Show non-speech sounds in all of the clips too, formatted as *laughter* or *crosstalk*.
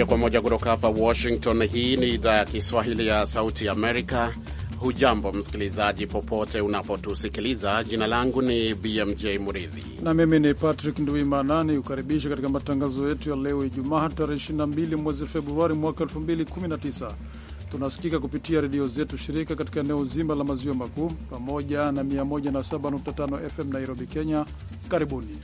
Moja kwa moja kutoka hapa Washington. Hii ni idhaa ya Kiswahili ya Sauti Amerika. Hujambo msikilizaji, popote unapotusikiliza. Jina langu ni BMJ Muridhi na mimi ni Patrick Nduimana, ni nikukaribisha katika matangazo yetu ya leo Ijumaa tarehe 22 mwezi Februari mwaka 2019. Tunasikika kupitia redio zetu shirika katika eneo zima la maziwa makuu pamoja na 107.5 FM Nairobi, Kenya. Karibuni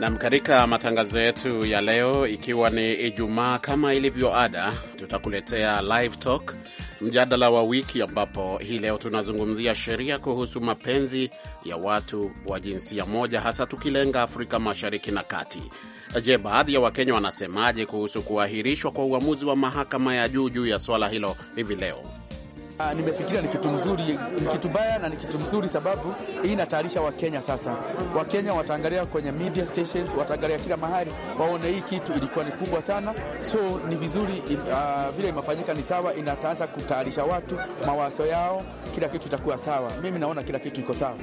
Nam, katika matangazo yetu ya leo, ikiwa ni Ijumaa, kama ilivyo ada, tutakuletea live talk, mjadala wa wiki, ambapo hii leo tunazungumzia sheria kuhusu mapenzi ya watu wa jinsia moja, hasa tukilenga Afrika Mashariki na Kati. Je, baadhi ya Wakenya wanasemaje kuhusu kuahirishwa kwa uamuzi wa mahakama ya juu juu ya swala hilo hivi leo? Ah, nimefikiria ni kitu mzuri, ni kitu mbaya na ni kitu mzuri, sababu hii inatayarisha Wakenya. Sasa Wakenya wataangalia kwenye media stations, wataangalia kila mahali, waone hii kitu ilikuwa ni kubwa sana, so ni vizuri in, uh, vile imefanyika ni sawa, inataanza kutayarisha watu mawazo yao, kila kitu itakuwa sawa. Mimi naona kila kitu iko sawa.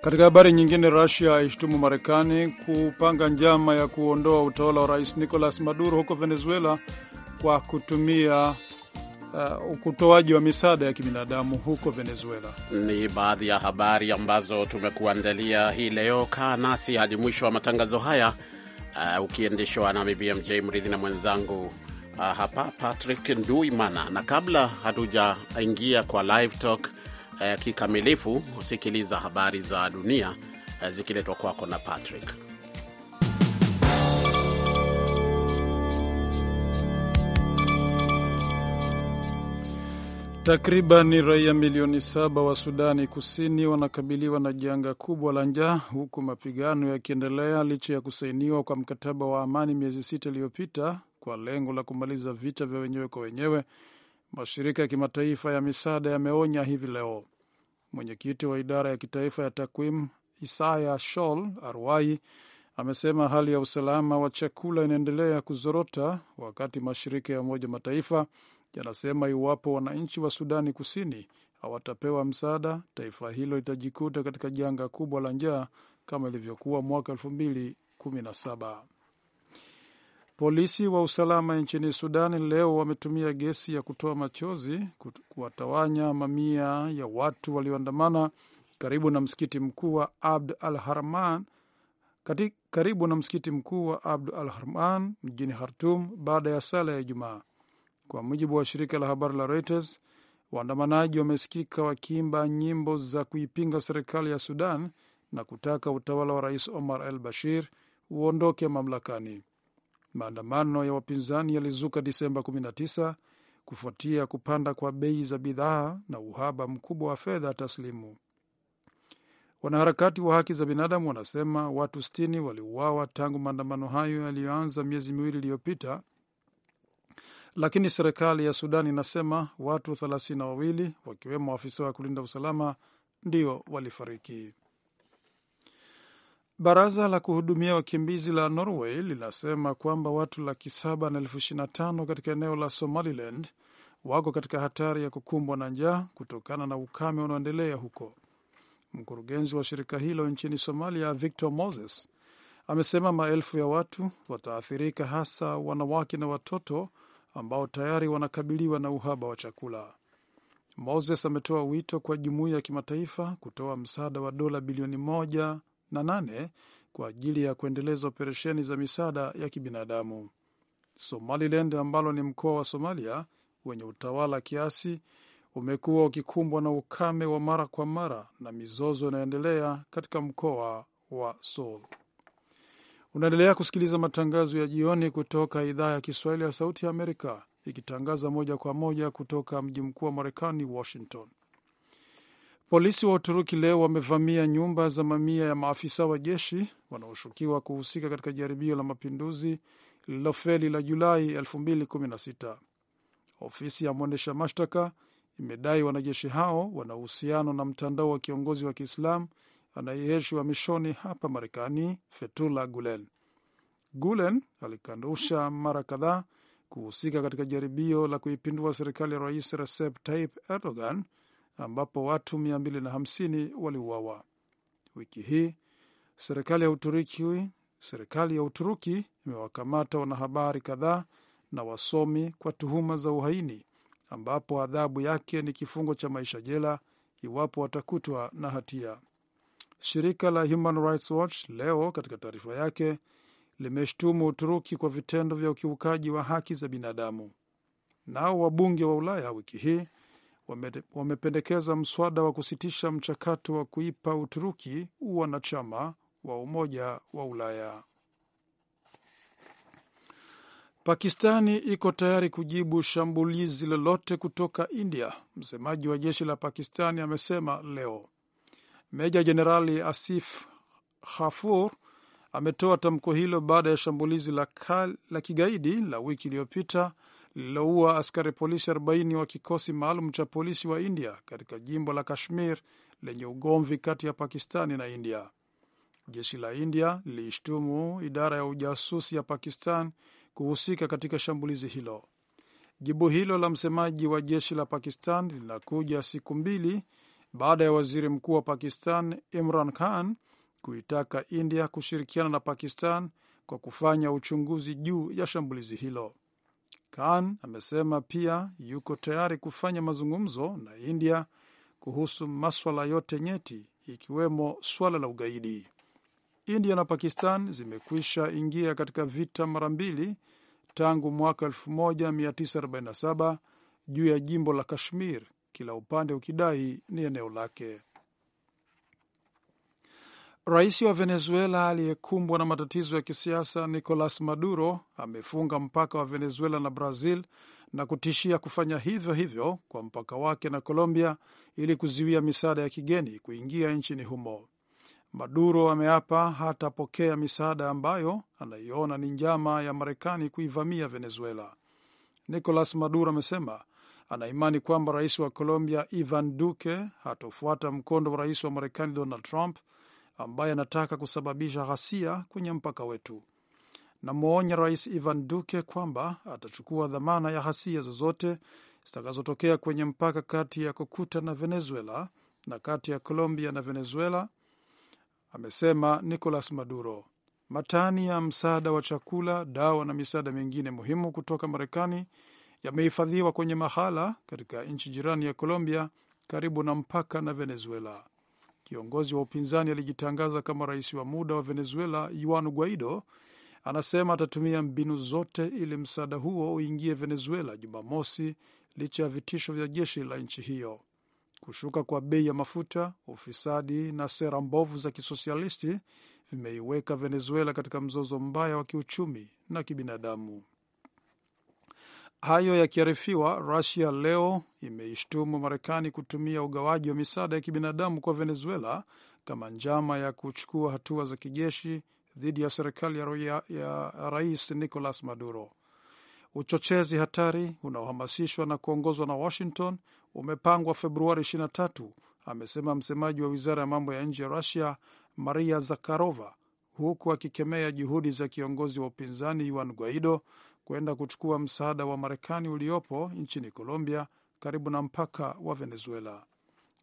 Katika habari nyingine, Rusia aishtumu Marekani kupanga njama ya kuondoa utawala wa rais Nicolas Maduro huko Venezuela kwa kutumia uh, utoaji wa misaada ya kibinadamu huko Venezuela. Ni baadhi ya habari ambazo tumekuandalia hii leo. Kaa nasi hadi mwisho wa matangazo haya, uh, ukiendeshwa nami BMJ Mridhi na mwenzangu uh, hapa Patrick Nduimana, na kabla hatujaingia kwa live talk uh, kikamilifu, usikiliza habari za dunia uh, zikiletwa kwako na Patrick. Takriban raia milioni saba wa Sudani Kusini wanakabiliwa na janga kubwa la njaa, huku mapigano yakiendelea licha ya kusainiwa kwa mkataba wa amani miezi sita iliyopita kwa lengo la kumaliza vita vya wenyewe kwa wenyewe. Mashirika ya kimataifa ya misaada yameonya hivi leo. Mwenyekiti wa idara ya kitaifa ya takwimu Isaya Shol Arwai amesema hali ya usalama wa chakula inaendelea kuzorota wakati mashirika ya Umoja Mataifa yanasema iwapo wananchi wa Sudani Kusini hawatapewa msaada, taifa hilo litajikuta katika janga kubwa la njaa kama ilivyokuwa mwaka 2017. Polisi wa usalama nchini sudani leo wametumia gesi ya kutoa machozi kuwatawanya mamia ya watu walioandamana karibu na msikiti mkuu wa Abd al Harman karibu na msikiti mkuu wa Abd al Harman mjini Khartum baada ya sala ya Ijumaa. Kwa mujibu wa shirika la habari la Reuters, waandamanaji wamesikika wakiimba nyimbo za kuipinga serikali ya Sudan na kutaka utawala wa Rais Omar al Bashir uondoke mamlakani. Maandamano ya wapinzani yalizuka Disemba 19 kufuatia kupanda kwa bei za bidhaa na uhaba mkubwa wa fedha taslimu. Wanaharakati wa haki za binadamu wanasema watu 60 waliuawa tangu maandamano hayo yaliyoanza miezi miwili iliyopita lakini serikali ya Sudan inasema watu thelathini na wawili wakiwemo afisa wa kulinda usalama ndio walifariki. Baraza la kuhudumia wakimbizi la Norway linasema kwamba watu laki saba na elfu ishirini na tano katika eneo la Somaliland wako katika hatari ya kukumbwa na njaa kutokana na ukame unaoendelea huko. Mkurugenzi wa shirika hilo nchini Somalia, Victor Moses, amesema maelfu ya watu wataathirika, hasa wanawake na watoto ambao tayari wanakabiliwa na uhaba wa chakula. Moses ametoa wito kwa jumuiya ya kimataifa kutoa msaada wa dola bilioni moja na nane kwa ajili ya kuendeleza operesheni za misaada ya kibinadamu. Somaliland ambalo ni mkoa wa Somalia wenye utawala kiasi umekuwa ukikumbwa na ukame wa mara kwa mara na mizozo inayoendelea katika mkoa wa Sool. Unaendelea kusikiliza matangazo ya jioni kutoka idhaa ya Kiswahili ya Sauti ya Amerika, ikitangaza moja kwa moja kutoka mji mkuu wa Marekani, Washington. Polisi wa Uturuki leo wamevamia nyumba za mamia ya maafisa wa jeshi wanaoshukiwa kuhusika katika jaribio la mapinduzi lililofeli la Julai 2016. Ofisi ya mwendesha mashtaka imedai wanajeshi hao wana uhusiano na mtandao wa kiongozi wa Kiislamu anayeishi uhamishoni hapa Marekani, fetula Gulen. Gulen alikanusha mara kadhaa kuhusika katika jaribio la kuipindua serikali ya rais Recep Tayyip Erdogan, ambapo watu 250 waliuawa. Wiki hii serikali ya Uturuki serikali ya Uturuki imewakamata wanahabari kadhaa na wasomi kwa tuhuma za uhaini, ambapo adhabu yake ni kifungo cha maisha jela iwapo watakutwa na hatia. Shirika la Human Rights Watch leo katika taarifa yake limeshtumu Uturuki kwa vitendo vya ukiukaji wa haki za binadamu. Nao wabunge wa Ulaya wiki hii wamependekeza wame mswada wa kusitisha mchakato wa kuipa Uturuki wanachama wa Umoja wa Ulaya. Pakistani iko tayari kujibu shambulizi lolote kutoka India, msemaji wa jeshi la Pakistani amesema leo. Meja Jenerali Asif hafur ametoa tamko hilo baada ya shambulizi la, kal, la kigaidi la wiki iliyopita lililoua askari polisi 40 wa kikosi maalum cha polisi wa India katika jimbo la Kashmir lenye ugomvi kati ya Pakistani na India. Jeshi la India liliishtumu idara ya ujasusi ya Pakistan kuhusika katika shambulizi hilo. Jibu hilo la msemaji wa jeshi la Pakistan linakuja siku mbili baada ya waziri mkuu wa Pakistan Imran Khan kuitaka India kushirikiana na Pakistan kwa kufanya uchunguzi juu ya shambulizi hilo. Khan amesema pia yuko tayari kufanya mazungumzo na India kuhusu maswala yote nyeti ikiwemo swala la ugaidi. India na Pakistan zimekwisha ingia katika vita mara mbili tangu mwaka 1947 juu ya jimbo la Kashmir kila upande ukidai ni eneo lake. Rais wa Venezuela aliyekumbwa na matatizo ya kisiasa Nicolas Maduro amefunga mpaka wa Venezuela na Brazil na kutishia kufanya hivyo hivyo kwa mpaka wake na Colombia ili kuziwia misaada ya kigeni kuingia nchini humo. Maduro ameapa hatapokea misaada ambayo anaiona ni njama ya Marekani kuivamia Venezuela. Nicolas Maduro amesema anaimani kwamba rais wa Colombia Ivan Duque hatofuata mkondo wa rais wa Marekani Donald Trump ambaye anataka kusababisha ghasia kwenye mpaka wetu. Namwonya Rais Ivan Duque kwamba atachukua dhamana ya ghasia zozote zitakazotokea kwenye mpaka kati ya Kokuta na Venezuela na kati ya Colombia na Venezuela, amesema Nicolas Maduro. Matani ya msaada wa chakula, dawa na misaada mingine muhimu kutoka Marekani yamehifadhiwa kwenye mahala katika nchi jirani ya Colombia karibu na mpaka na Venezuela. Kiongozi wa upinzani alijitangaza kama rais wa muda wa Venezuela, Juan Guaido anasema atatumia mbinu zote ili msaada huo uingie Venezuela Jumamosi, licha ya vitisho vya jeshi la nchi hiyo. Kushuka kwa bei ya mafuta, ufisadi na sera mbovu za kisosialisti vimeiweka Venezuela katika mzozo mbaya wa kiuchumi na kibinadamu. Hayo yakiarifiwa, rasia leo imeishtumu Marekani kutumia ugawaji wa misaada ya kibinadamu kwa Venezuela kama njama ya kuchukua hatua za kijeshi dhidi ya serikali ya, ya Rais Nicolas Maduro. Uchochezi hatari unaohamasishwa na kuongozwa na Washington umepangwa Februari 23, amesema msemaji wa wizara ya mambo ya nje ya Rusia Maria Zakharova, huku akikemea juhudi za kiongozi wa upinzani Juan Guaido kwenda kuchukua msaada wa Marekani uliopo nchini Colombia, karibu na mpaka wa Venezuela.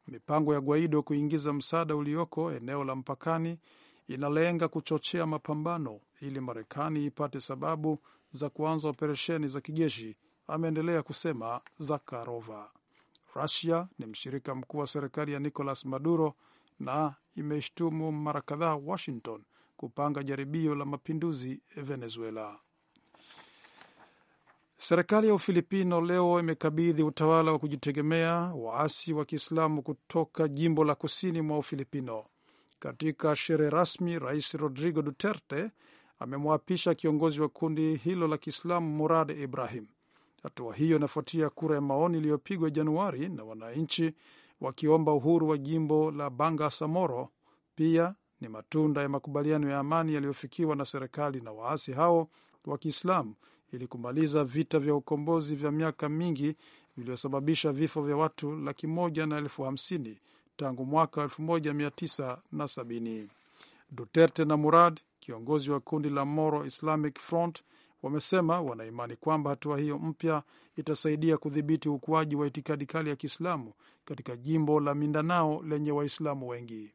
Mipango ya Guaido kuingiza msaada ulioko eneo la mpakani inalenga kuchochea mapambano ili Marekani ipate sababu za kuanza operesheni za kijeshi, ameendelea kusema Zakharova. Rusia ni mshirika mkuu wa serikali ya Nicolas Maduro na imeshtumu mara kadhaa Washington kupanga jaribio la mapinduzi Venezuela. Serikali ya Ufilipino leo imekabidhi utawala wa kujitegemea waasi wa Kiislamu kutoka jimbo la kusini mwa Ufilipino. Katika sherehe rasmi, Rais Rodrigo Duterte amemwapisha kiongozi wa kundi hilo la Kiislamu Murad Ibrahim. Hatua hiyo inafuatia kura ya maoni iliyopigwa Januari na wananchi wakiomba uhuru wa jimbo la banga samoro Pia ni matunda ya makubaliano ya amani yaliyofikiwa na serikali na waasi hao wa Kiislamu ili kumaliza vita vya ukombozi vya miaka mingi vilivyosababisha vifo vya watu laki moja na elfu hamsini tangu mwaka 1970. Duterte na Murad, kiongozi wa kundi la Moro Islamic Front, wamesema wanaimani kwamba hatua hiyo mpya itasaidia kudhibiti ukuaji wa itikadi kali ya Kiislamu katika jimbo la Mindanao lenye Waislamu wengi.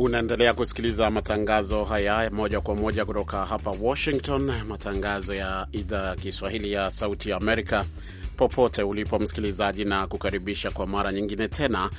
Unaendelea kusikiliza matangazo haya moja kwa moja kutoka hapa Washington, matangazo ya idhaa ya Kiswahili ya Sauti ya Amerika, popote ulipo msikilizaji, na kukaribisha kwa mara nyingine tena.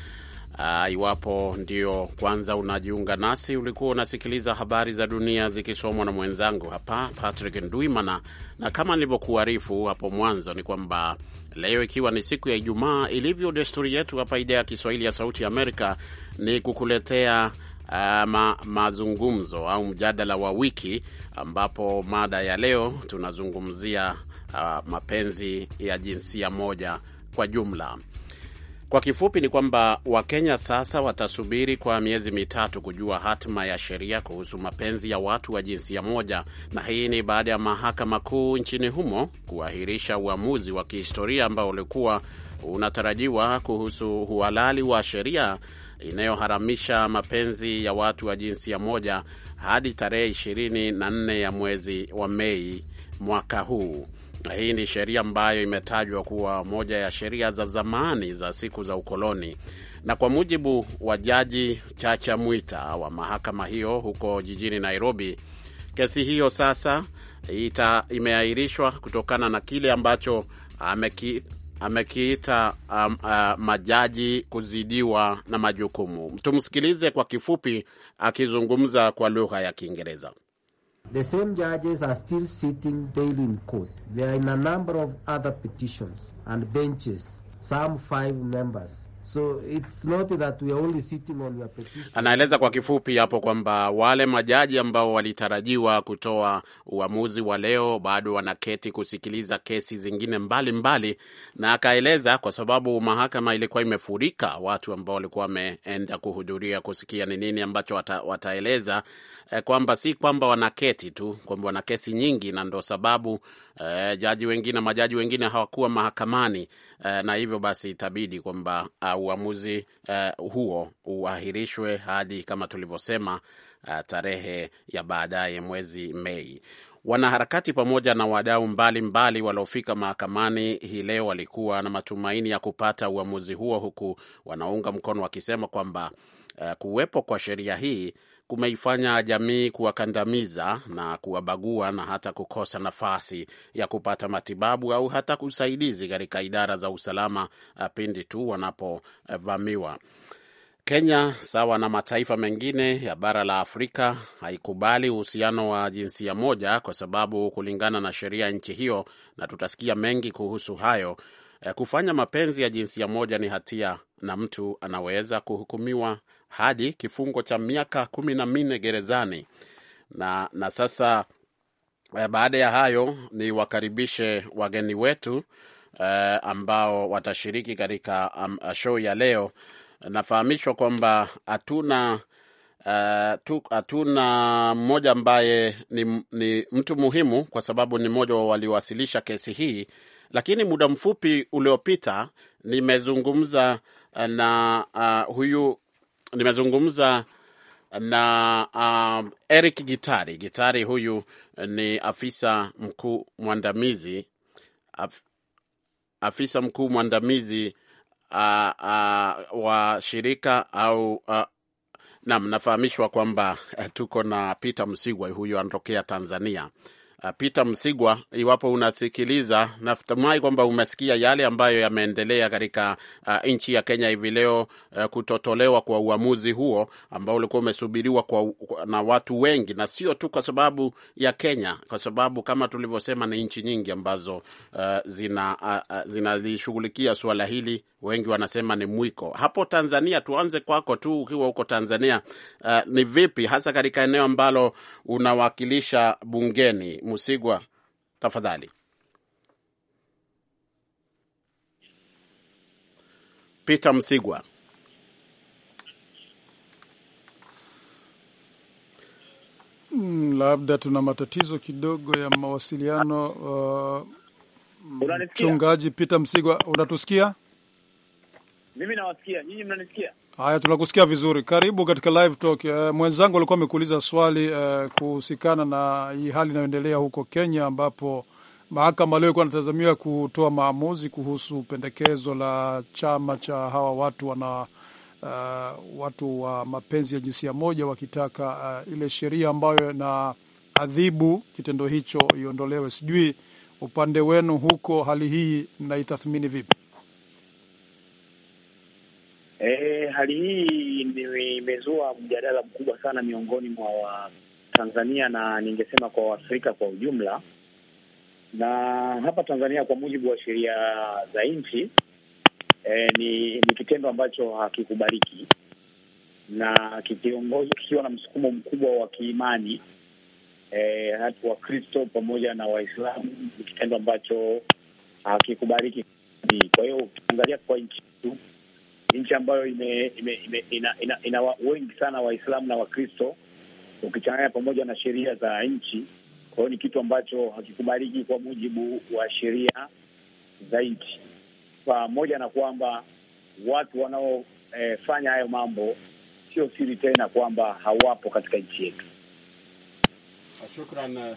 Uh, iwapo ndio kwanza unajiunga nasi, ulikuwa unasikiliza habari za dunia zikisomwa na mwenzangu hapa Patrick Ndwimana, na kama nilivyokuarifu hapo mwanzo ni kwamba leo ikiwa ni siku ya Ijumaa, ilivyo desturi yetu hapa idhaa ya Kiswahili ya Sauti ya Amerika, ni kukuletea uh, ma, mazungumzo au mjadala wa wiki ambapo mada ya leo tunazungumzia uh, mapenzi ya jinsia moja kwa jumla. Kwa kifupi ni kwamba Wakenya sasa watasubiri kwa miezi mitatu kujua hatima ya sheria kuhusu mapenzi ya watu wa jinsia moja, na hii ni baada ya mahakama kuu nchini humo kuahirisha uamuzi wa kihistoria ambao ulikuwa unatarajiwa kuhusu uhalali wa sheria inayoharamisha mapenzi ya watu wa jinsia moja hadi tarehe 24 ya mwezi wa Mei mwaka huu. Na hii ni sheria ambayo imetajwa kuwa moja ya sheria za zamani za siku za ukoloni. Na kwa mujibu wa Jaji Chacha Mwita wa mahakama hiyo huko jijini Nairobi, kesi hiyo sasa ita imeahirishwa kutokana na kile ambacho ameki, amekiita um, uh, majaji kuzidiwa na majukumu. Tumsikilize kwa kifupi akizungumza kwa lugha ya Kiingereza. The same judges are still sitting daily in court. are in a number of other petitions and benches, some five members So it's not that we are only sitting on your petition. Anaeleza kwa kifupi hapo kwamba wale majaji ambao walitarajiwa kutoa uamuzi wa leo bado wanaketi kusikiliza kesi zingine mbalimbali mbali, na akaeleza kwa sababu mahakama ilikuwa imefurika watu ambao walikuwa wameenda kuhudhuria kusikia ni nini ambacho wata, wataeleza Eh, kwamba si kwamba wanaketi tu, kwamba wana kesi nyingi, na ndo sababu eh, jaji wengine, majaji wengine hawakuwa mahakamani eh, na hivyo basi itabidi kwamba uh, uamuzi uh, huo uahirishwe hadi kama tulivyosema, uh, tarehe ya baadaye mwezi Mei. Wanaharakati pamoja na wadau mbalimbali waliofika mahakamani hii leo walikuwa na matumaini ya kupata uamuzi huo, huku wanaunga mkono wakisema kwamba uh, kuwepo kwa sheria hii kumeifanya jamii kuwakandamiza na kuwabagua na hata kukosa nafasi ya kupata matibabu au hata usaidizi katika idara za usalama eh, pindi tu wanapovamiwa. Kenya sawa na mataifa mengine ya bara la Afrika haikubali uhusiano wa jinsia moja kwa sababu kulingana na sheria nchi hiyo, na tutasikia mengi kuhusu hayo, eh, kufanya mapenzi ya jinsia moja ni hatia na mtu anaweza kuhukumiwa hadi kifungo cha miaka kumi na minne gerezani na, na sasa eh, baada ya hayo ni wakaribishe wageni wetu eh, ambao watashiriki katika um, show ya leo. Nafahamishwa kwamba hatuna eh, hatuna uh, mmoja ambaye ni, ni mtu muhimu kwa sababu ni mmoja wa waliowasilisha kesi hii, lakini muda mfupi uliopita nimezungumza eh, na uh, huyu nimezungumza na um, Eric Gitari. Gitari huyu ni afisa mkuu mwandamizi af, afisa mkuu mwandamizi uh, uh, wa shirika au uh, nam nafahamishwa kwamba uh, tuko na Peter Msigwa, huyu anatokea Tanzania Uh, Peter Msigwa, iwapo unasikiliza, natumai kwamba umesikia yale ambayo yameendelea katika uh, nchi ya Kenya hivi leo uh, kutotolewa kwa uamuzi huo ambao ulikuwa umesubiriwa kwa, na watu wengi, na sio tu kwa sababu ya Kenya, kwa sababu kama tulivyosema ni nchi nyingi ambazo uh, zina uh, uh zinalishughulikia suala hili wengi wanasema ni mwiko. Hapo Tanzania, tuanze kwako tu, ukiwa huko Tanzania, uh, ni vipi hasa katika eneo ambalo unawakilisha bungeni? Musigwa, tafadhali. Peter Msigwa. Mm, labda tuna matatizo kidogo ya mawasiliano uh, mchungaji Peter Msigwa, unatusikia? Mimi nawasikia, nyinyi mnanisikia? Haya, tunakusikia vizuri. Karibu katika live talk. Uh, mwenzangu alikuwa amekuuliza swali uh, kuhusikana na hii hali inayoendelea huko Kenya, ambapo mahakama leo ilikuwa inatazamiwa kutoa maamuzi kuhusu pendekezo la chama cha hawa watu wana uh, watu wa mapenzi ya jinsia moja wakitaka uh, ile sheria ambayo na adhibu kitendo hicho iondolewe. Sijui upande wenu huko, hali hii mnaitathmini vipi? E, hali hii imezua mjadala mkubwa sana miongoni mwa Watanzania na ningesema kwa Waafrika kwa ujumla. Na hapa Tanzania kwa mujibu wa sheria za nchi e, ni, ni kitendo ambacho hakikubaliki na kikiongozwa kikiwa na msukumo mkubwa wa kiimani e, eh, hata Wakristo pamoja na Waislamu, ni kitendo ambacho hakikubaliki. Kwa hiyo ukiangalia kwa nchi nchi ambayo ime, ime, ime, ina, ina, ina wa, wengi sana Waislamu na Wakristo ukichanganya pamoja na sheria za nchi. Kwa hiyo ni kitu ambacho hakikubaliki kwa mujibu wa sheria za nchi, pamoja na kwamba watu wanaofanya eh, e, hayo mambo sio siri tena kwamba hawapo katika nchi yetu. Shukran. Eh,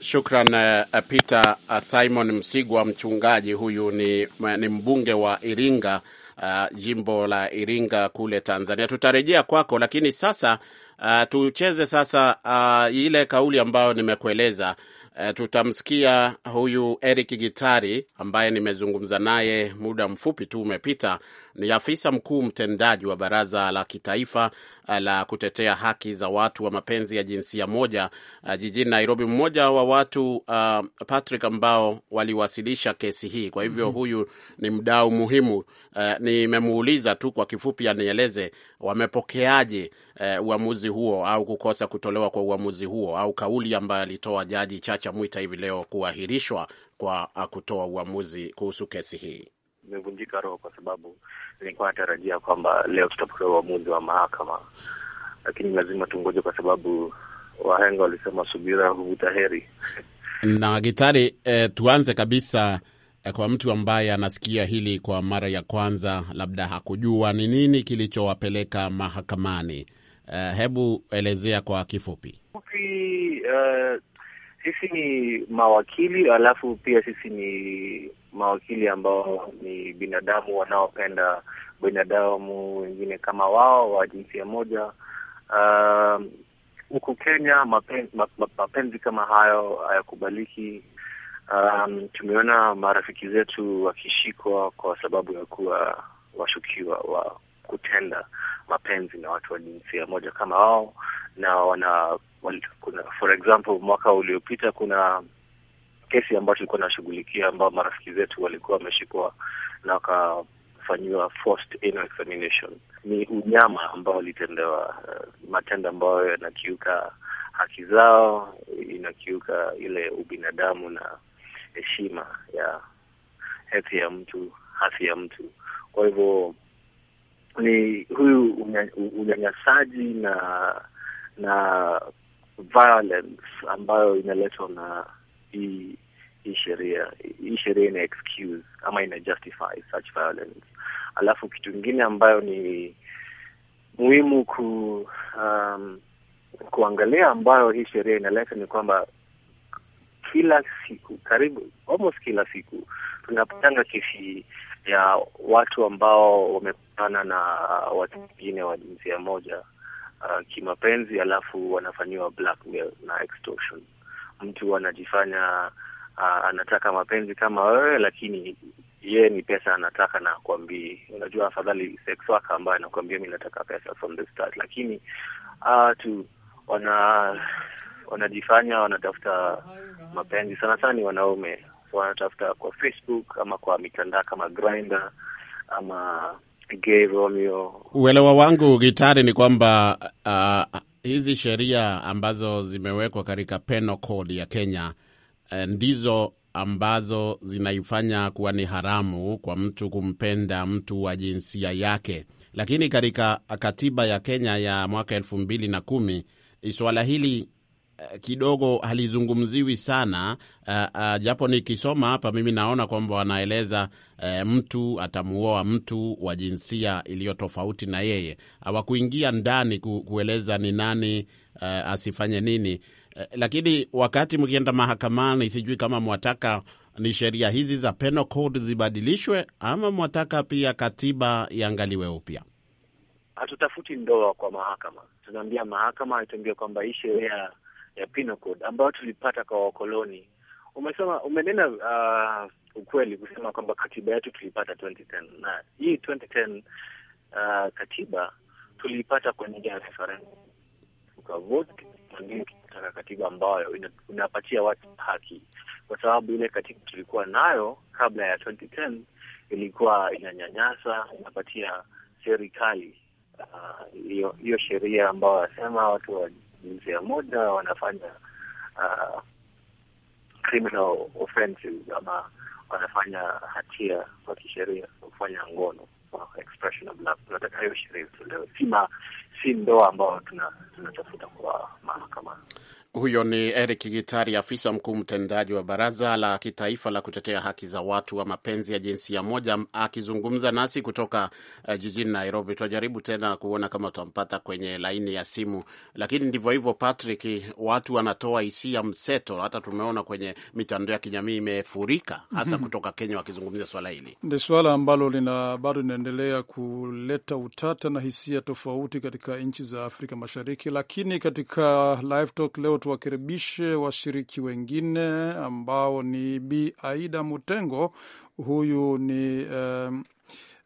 shukran eh, Peter Simon Msigwa, mchungaji huyu ni, ni mbunge wa Iringa uh, jimbo la Iringa kule Tanzania. Tutarejea kwako, lakini sasa uh, tucheze sasa uh, ile kauli ambayo nimekueleza e, tutamsikia huyu Eric Gitari ambaye nimezungumza naye muda mfupi tu umepita. Ni afisa mkuu mtendaji wa Baraza la Kitaifa eh, la Kutetea Haki za Watu wa Mapenzi ya Jinsia Moja eh, jijini Nairobi, mmoja wa watu uh, Patrick, ambao waliwasilisha kesi hii. Kwa hivyo mm-hmm. huyu ni mdau muhimu uh, nimemuuliza tu kwa kifupi anieleze wamepokeaje uh, uamuzi huo au kukosa kutolewa kwa uamuzi huo au kauli ambayo alitoa Jaji Chacha Mwita hivi leo kuahirishwa kwa kutoa uamuzi kuhusu kesi hii. Imevunjika roho kwa sababu nilikuwa natarajia kwamba leo tutapokea uamuzi wa mahakama, lakini lazima tungoje kwa sababu wahenga walisema subira huvuta heri. Na Gitari, eh, tuanze kabisa eh, kwa mtu ambaye anasikia hili kwa mara ya kwanza, labda hakujua ni nini kilichowapeleka mahakamani. Eh, hebu elezea kwa kifupi. Uh, sisi ni mawakili alafu pia sisi ni mawakili ambao ni binadamu wanaopenda binadamu wengine kama wao wa jinsia moja. Um, huku um, Kenya mapenzi, mapenzi kama hayo hayakubaliki. Um, tumeona marafiki zetu wakishikwa kwa sababu ya kuwa washukiwa wa kutenda mapenzi na watu wa jinsia moja kama wao na wana kuna, for example mwaka uliopita kuna kesi ambayo tulikuwa nashughulikia ambao marafiki zetu walikuwa wameshikwa na wakafanyiwa examination. Ni unyama ambao walitendewa, uh, eh, matendo ambayo yanakiuka haki zao, inakiuka ile ubinadamu na heshima ya hethi ya mtu, haki ya mtu. Kwa hivyo ni huyu unyanyasaji na na violence ambayo inaletwa na hii hii sheria hii sheria ina excuse ama ina justify such violence. Alafu kitu kingine ambayo ni muhimu ku um, kuangalia ambayo hii sheria inaleta ni kwamba kila siku karibu almost kila siku tunapatana kesi ya watu ambao wamekutana na watu wengine wa jinsia moja uh, kimapenzi, alafu wanafanyiwa blackmail na extortion. Mtu anajifanya uh, anataka mapenzi kama wewe, lakini yeye ni pesa anataka na akwambii. Unajua, afadhali sex worker ambaye anakuambia mi nataka pesa from the start, lakini uh, tu wana wanajifanya wanatafuta mapenzi, sana sana ni wanaume, so wanatafuta kwa Facebook ama kwa mitandao kama Grindr ama Romeo. Uelewa wangu Gitari ni kwamba uh, hizi sheria ambazo zimewekwa katika penal code ya Kenya eh, ndizo ambazo zinaifanya kuwa ni haramu kwa mtu kumpenda mtu wa jinsia yake, lakini katika katiba ya Kenya ya mwaka elfu mbili na kumi eh, swala hili Eh, kidogo halizungumziwi sana uh, uh, japo nikisoma hapa mimi naona kwamba wanaeleza uh, mtu atamuoa mtu wa jinsia iliyo tofauti na yeye. Hawakuingia ndani ku, kueleza ni nani uh, asifanye nini uh, lakini wakati mkienda mahakamani, sijui kama mwataka ni sheria hizi za penal code zibadilishwe ama mwataka pia katiba iangaliwe upya. Hatutafuti ndoa kwa mahakama, tunaambia mahakama itambie kwamba hii sheria ya penal code ambayo tulipata kwa wakoloni. Umesema umenena uh, ukweli kusema kwamba katiba yetu tulipata 2010 na hii 2010 uh, katiba tuliipata kwa njia ya referendum, katiba ambayo inapatia watu haki, kwa sababu ile katiba tulikuwa nayo kabla ya 2010 ilikuwa inanyanyasa, inapatia serikali uh, hiyo uh, sheria ambayo wasema watu jinsia moja wanafanya uh, criminal offenses ama wanafanya hatia kwa kisheria kufanya ngono expression of love. Tunataka hiyo sheria itolewe, si ndoa ambao tunatafuta tuna kwa mahakamani. Huyo ni Eric Gitari, afisa mkuu mtendaji wa Baraza la Kitaifa la Kutetea Haki za Watu wa Mapenzi ya Jinsia Moja, akizungumza nasi kutoka uh, jijini Nairobi. tunajaribu tena kuona kama tutampata kwenye laini ya simu, lakini ndivyo hivyo, Patrick, watu wanatoa hisia mseto. Hata tumeona kwenye mitandao ya kijamii imefurika, hasa mhm. kutoka Kenya, wakizungumzia swala hili. Ni swala ambalo lina bado linaendelea kuleta utata na hisia tofauti katika nchi za Afrika Mashariki, lakini katika Live Talk leo tuwakaribishe washiriki wengine ambao ni Bi Aida Mutengo. Huyu ni um,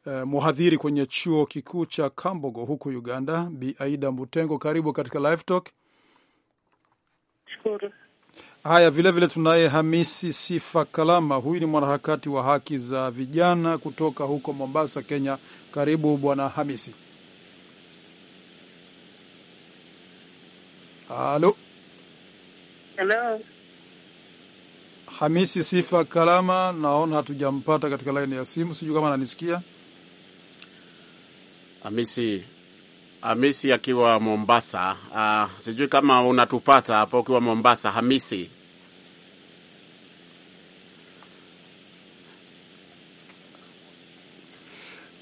uh, muhadhiri kwenye chuo kikuu cha Kambogo huku Uganda. Bi Aida Mutengo, karibu katika Live Talk. Haya, vilevile tunaye Hamisi Sifa Kalama, huyu ni mwanaharakati wa haki za vijana kutoka huko Mombasa, Kenya. Karibu bwana Hamisi. Halo, Hello. Hamisi Sifa Kalama, naona hatujampata katika laini ya simu, sijui kama ananisikia. Hamisi Hamisi akiwa Mombasa. Uh, sijui kama unatupata hapo ukiwa Mombasa Hamisi.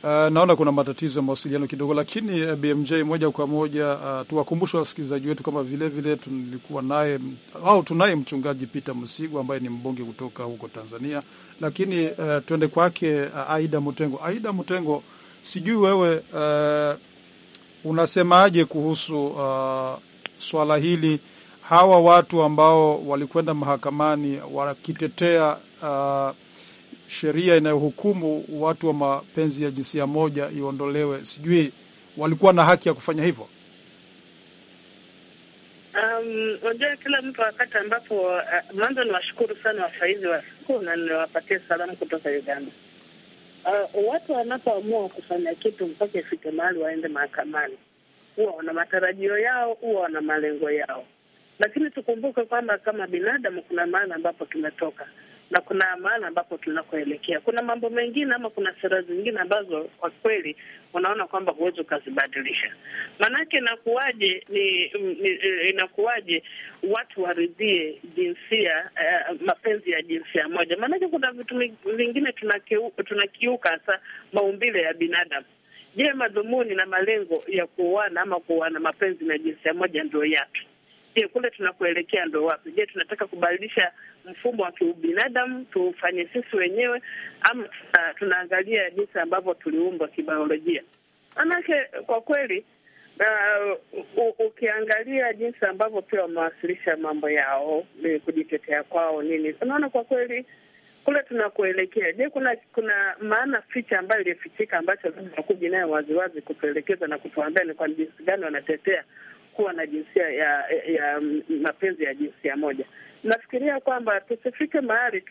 Uh, naona kuna matatizo ya mawasiliano kidogo, lakini uh, eh, BMJ moja kwa moja uh, tuwakumbushe wasikilizaji wetu kama vile vile tulikuwa naye au tunaye mchungaji Peter Msigwa ambaye ni mbunge kutoka huko Tanzania, lakini uh, tuende kwake uh, Aida Mutengo. Aida Mutengo, sijui wewe uh, unasemaje kuhusu uh, swala hili, hawa watu ambao walikwenda mahakamani wakitetea uh, sheria inayohukumu watu wa mapenzi ya jinsia moja iondolewe. Sijui walikuwa na haki ya kufanya hivyo. Um, unajua, um, kila mtu wakati ambapo uh, mwanzo washukuru sana wafaizi wa siku na niwapatie salamu kutoka Uganda. Uh, watu wanapoamua kufanya kitu mpaka ifike mahali waende mahakamani, huwa wana matarajio yao, huwa wana malengo yao, lakini tukumbuke kwamba kama binadamu kuna mahali ambapo tumetoka na kuna maana ambapo tunakoelekea. Kuna mambo mengine ama kuna sera zingine ambazo kwa kweli unaona kwamba huwezi ukazibadilisha, maanake inakuwaje ni, mm, ni, eh, eh, inakuwaje watu waridhie jinsia eh, mapenzi ya jinsia moja? Maanake kuna vitu vingine tunakiuka, hasa maumbile ya binadamu. Je, madhumuni na malengo ya kuoana ama kuoana mapenzi na jinsia moja ndio yapi? Je, kule tunakuelekea ndo wapi? Je, tunataka kubadilisha mfumo wa kiubinadamu tufanye sisi wenyewe, ama tunaangalia jinsi ambavyo tuliumbwa kibiolojia? Manake kwa kweli uh, ukiangalia jinsi ambavyo pia wamewasilisha mambo yao, kujitetea kwao nini, unaona kwa kweli kule tunakuelekea. Je, kuna kuna maana ficha ambayo iliyofichika ambacho labda wakuja waziwazi kutuelekeza na kutuambia ni kwa jinsi gani wanatetea kuwa na jinsia ya, ya mapenzi ya jinsia moja. Nafikiria kwamba tusifike mahali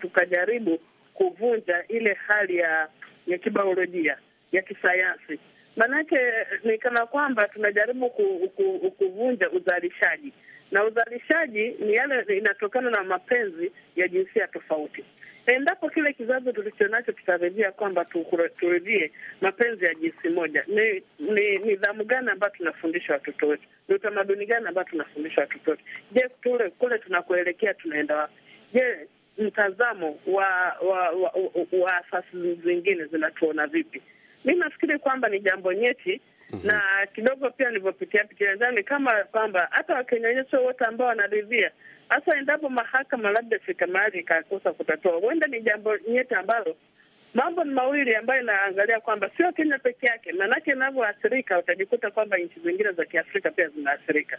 tukajaribu tuka kuvunja ile hali ya ya kibaolojia ya kisayansi, maanake ni kana kwamba tunajaribu ku, ku, kuvunja uzalishaji, na uzalishaji ni yale inatokana na mapenzi ya jinsia tofauti. Endapo kile kizazi tulichonacho kitarejea kwamba turudie mapenzi ya jinsi moja, ni ni gani ambayo tunafundisha watoto wetu? Ni utamaduni gani ambayo tunafundisha watoto wetu? Je, tule kule tunakuelekea tunaenda wapi? Je, mtazamo wa wa wa, wa, wa asasi zingine zinatuona vipi? Mi nafikiri kwamba ni jambo nyeti Mhm. na kidogo pia nilivyopitia pitia nadhani kama kwamba hata Wakenya wenyewe sio wote ambao wanaridhia, hasa endapo mahakama labda fika mahali ikakosa kutatua, huenda ni jambo nyeti ambalo mambo ni mawili ambayo inaangalia kwamba sio Kenya peke yake, maanake inavyoathirika utajikuta kwamba nchi zingine za Kiafrika pia zinaathirika.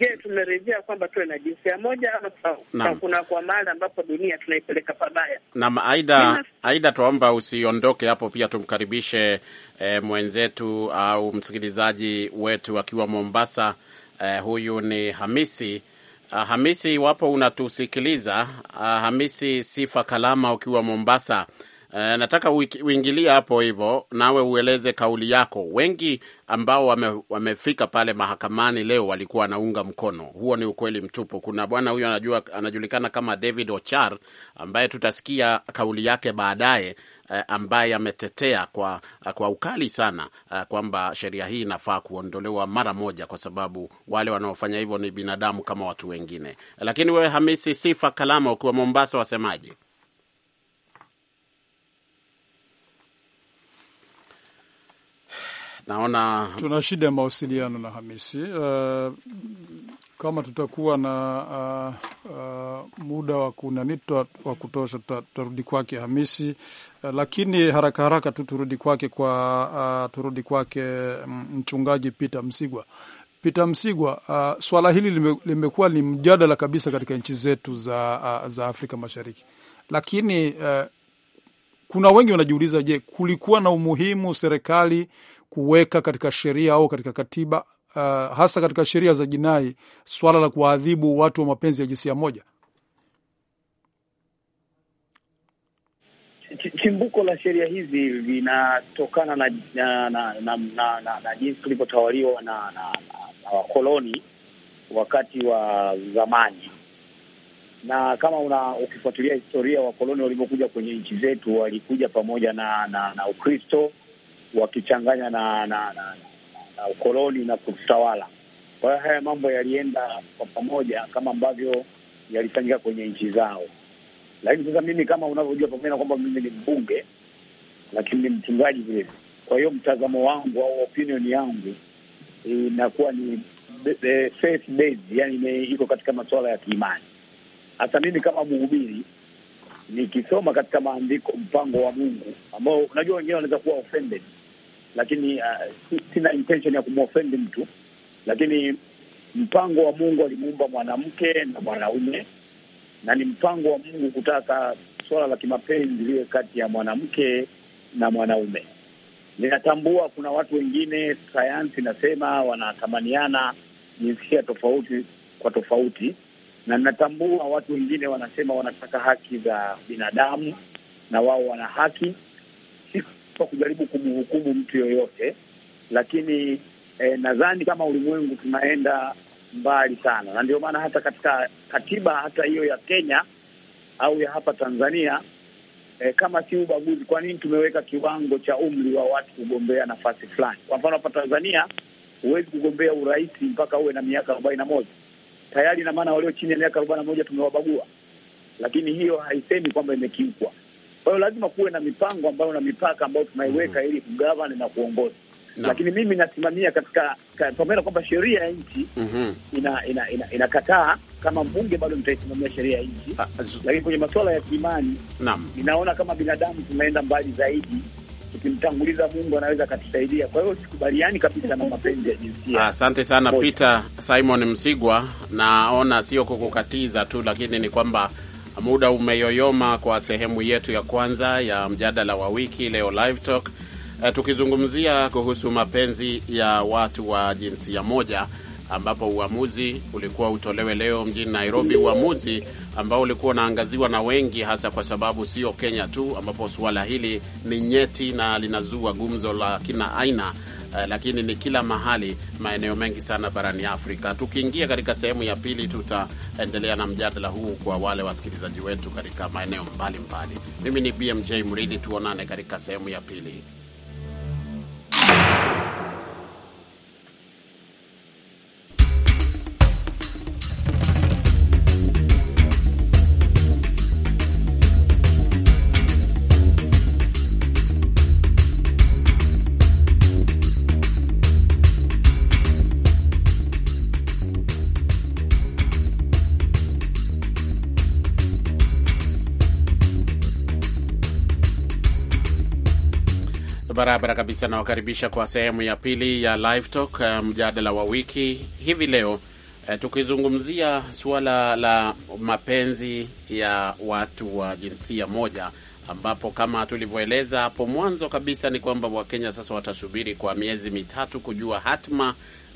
Je, tumerejea kwamba tuwe na jinsia moja ama kuna kwa mahali ambapo dunia tunaipeleka pabaya? Naam, aida aida, tuomba usiondoke hapo, pia tumkaribishe eh, mwenzetu au msikilizaji wetu akiwa Mombasa. Eh, huyu ni Hamisi. Uh, Hamisi, iwapo unatusikiliza, uh, Hamisi Sifa Kalama ukiwa Mombasa, E, nataka uingilie hapo hivyo, nawe ueleze kauli yako. Wengi ambao wame, wamefika pale mahakamani leo walikuwa wanaunga mkono, huo ni ukweli mtupu. Kuna bwana huyo anajua, anajulikana kama David Ochar ambaye tutasikia kauli yake baadaye eh, ambaye ametetea kwa, kwa ukali sana eh, kwamba sheria hii inafaa kuondolewa mara moja, kwa sababu wale wanaofanya hivyo ni binadamu kama watu wengine. Lakini wewe Hamisi Sifa Kalama, ukiwa Mombasa, wasemaje? naona tuna shida ya mawasiliano na Hamisi. Uh, kama tutakuwa na uh, uh, muda wa kunani wa kutosha, tutarudi kwake Hamisi. Uh, lakini haraka haraka tu turudi kwake kwa uh, turudi kwake mm, mchungaji Peter Msigwa. Peter Msigwa, uh, swala hili lime, limekuwa ni mjadala kabisa katika nchi zetu za, uh, za Afrika Mashariki, lakini uh, kuna wengi wanajiuliza, je, kulikuwa na umuhimu serikali kuweka katika sheria au katika katiba uh, hasa katika sheria za jinai swala la kuwaadhibu watu wa mapenzi ya jinsia moja? Chimbuko la sheria hizi linatokana na, na, na, na, na, na, na jinsi tulivyotawaliwa na, na, na, na wakoloni wakati wa zamani, na kama una ukifuatilia historia wakoloni walivyokuja kwenye nchi zetu walikuja pamoja na, na, na Ukristo wakichanganya na, na, na, na ukoloni na kutawala. Kwa hiyo haya mambo yalienda kwa pamoja kama ambavyo yalifanyika kwenye nchi zao. Lakini sasa mimi kama unavyojua, pamoja na kwamba mimi ni mbunge, lakini ni mchungaji vile. Kwa hiyo mtazamo wangu au opinion yangu inakuwa ni faith based, yani iko katika masuala ya kiimani. Hasa mimi kama mhubiri nikisoma katika maandiko mpango wa Mungu ambao unajua wengine wanaweza kuwa offended lakini uh, sina intention ya kumofendi mtu, lakini mpango wa Mungu alimuumba mwanamke na mwanaume, na ni mpango wa Mungu kutaka suala la kimapenzi liwe kati ya mwanamke na mwanaume. Ninatambua kuna watu wengine, sayansi inasema wanatamaniana jinsia tofauti kwa tofauti, na ninatambua watu wengine wanasema wanataka haki za binadamu na wao wana haki pasipo kujaribu kumhukumu mtu yoyote, lakini eh, nadhani kama ulimwengu tunaenda mbali sana, na ndio maana hata katika katiba hata hiyo ya Kenya au ya hapa Tanzania eh, kama si ubaguzi, kwa nini tumeweka kiwango cha umri wa watu kugombea nafasi fulani? Kwa mfano hapa Tanzania huwezi kugombea urais mpaka uwe na miaka arobaini na moja tayari, na maana walio chini ya miaka arobaini na moja tumewabagua, lakini hiyo haisemi kwamba imekiukwa kwa hiyo lazima kuwe na mipango ambayo na mipaka ambayo tunaiweka mm-hmm. ili kugavana na kuongoza. No. Lakini mimi nasimamia katika pamoja na kwamba sheria ya nchi mm -hmm. ina, ina, ina, kama mbunge bado nitaisimamia sheria ya nchi ah, lakini kwenye masuala ya kiimani no. ninaona kama binadamu tunaenda mbali zaidi tukimtanguliza Mungu anaweza akatusaidia. Kwa hiyo sikubaliani kabisa na mapenzi ya jinsia. Asante sana sana Peter Simon Msigwa, naona sio kukukatiza tu, lakini ni kwamba Muda umeyoyoma kwa sehemu yetu ya kwanza ya mjadala wa wiki leo live talk, eh, tukizungumzia kuhusu mapenzi ya watu wa jinsia moja ambapo uamuzi ulikuwa utolewe leo mjini Nairobi, uamuzi ambao ulikuwa unaangaziwa na wengi, hasa kwa sababu sio Kenya tu ambapo suala hili ni nyeti na linazua gumzo la kina aina Uh, lakini ni kila mahali, maeneo mengi sana barani Afrika. Tukiingia katika sehemu ya pili, tutaendelea na mjadala huu kwa wale wasikilizaji wetu katika maeneo mbalimbali. Mimi ni BMJ Mridhi, tuonane katika sehemu ya pili. barabara kabisa. Nawakaribisha kwa sehemu ya pili ya Live Talk, eh, mjadala wa wiki hivi leo, eh, tukizungumzia suala la mapenzi ya watu wa jinsia moja, ambapo kama tulivyoeleza hapo mwanzo kabisa ni kwamba Wakenya sasa watasubiri kwa miezi mitatu kujua hatma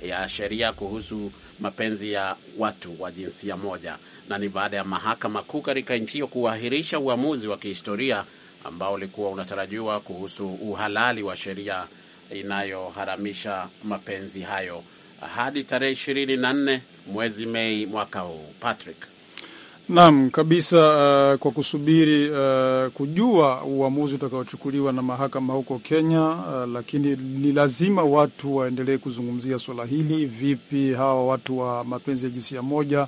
ya sheria kuhusu mapenzi ya watu wa jinsia moja, na ni baada ya mahakama kuu katika nchi hiyo kuahirisha uamuzi wa kihistoria ambao ulikuwa unatarajiwa kuhusu uhalali wa sheria inayoharamisha mapenzi hayo hadi tarehe ishirini na nne mwezi Mei mwaka huu. Patrick. Naam kabisa. Uh, kwa kusubiri uh, kujua uamuzi utakaochukuliwa na mahakama huko Kenya. Uh, lakini ni lazima watu waendelee kuzungumzia swala hili, vipi hawa watu wa mapenzi ya jinsia moja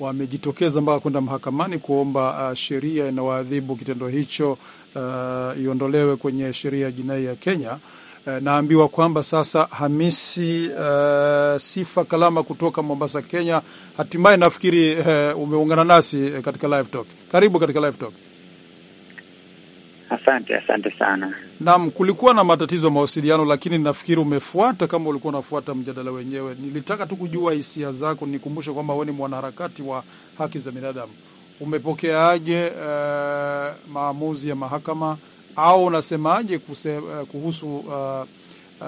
wamejitokeza mpaka kwenda mahakamani kuomba uh, sheria inawaadhibu kitendo hicho uh, iondolewe kwenye sheria ya jinai ya Kenya. Uh, naambiwa kwamba sasa Hamisi uh, Sifa Kalama kutoka Mombasa, Kenya, hatimaye nafikiri uh, umeungana nasi katika live talk. Karibu katika live talk. Asante, asante sana. Naam, kulikuwa na matatizo ya mawasiliano, lakini nafikiri umefuata, kama ulikuwa unafuata mjadala wenyewe. Nilitaka tu kujua hisia zako, nikumbushe kwamba wewe ni mwanaharakati wa haki za binadamu umepokeaje uh, eh, maamuzi ya mahakama au unasemaje eh, kuhusu uh, uh,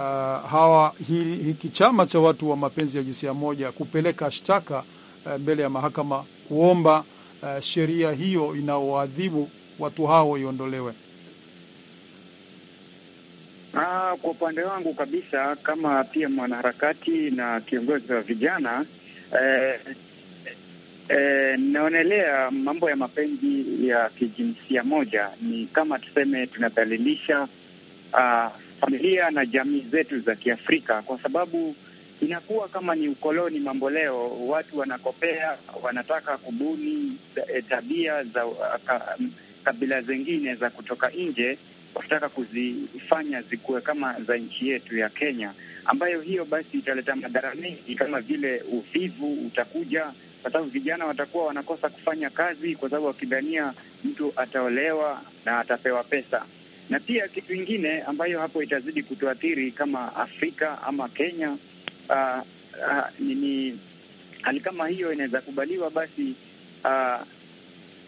hawa hiki chama cha watu wa mapenzi ya jinsia moja kupeleka shtaka uh, mbele ya mahakama kuomba uh, sheria hiyo inaoadhibu watu hao iondolewe? Ah, kwa upande wangu kabisa, kama pia mwanaharakati na kiongozi wa vijana eh, Ninaonelea eh, e, mambo ya mapenzi ya kijinsia moja ni kama tuseme tunadhalilisha uh, familia na jamii zetu za Kiafrika kwa sababu inakuwa kama ni ukoloni mambo leo. Watu wanakopea, wanataka kubuni eh, tabia za ah, ka, kabila zingine za kutoka nje, wanataka kuzifanya zikuwe kama za nchi yetu ya Kenya, ambayo hiyo basi italeta madhara mengi kama vile uvivu utakuja kwa sababu vijana watakuwa wanakosa kufanya kazi, kwa sababu wakidhania mtu ataolewa na atapewa pesa. Na pia kitu ingine ambayo hapo itazidi kutuathiri kama Afrika ama Kenya, uh, uh, ni hali kama hiyo inaweza kubaliwa, basi uh,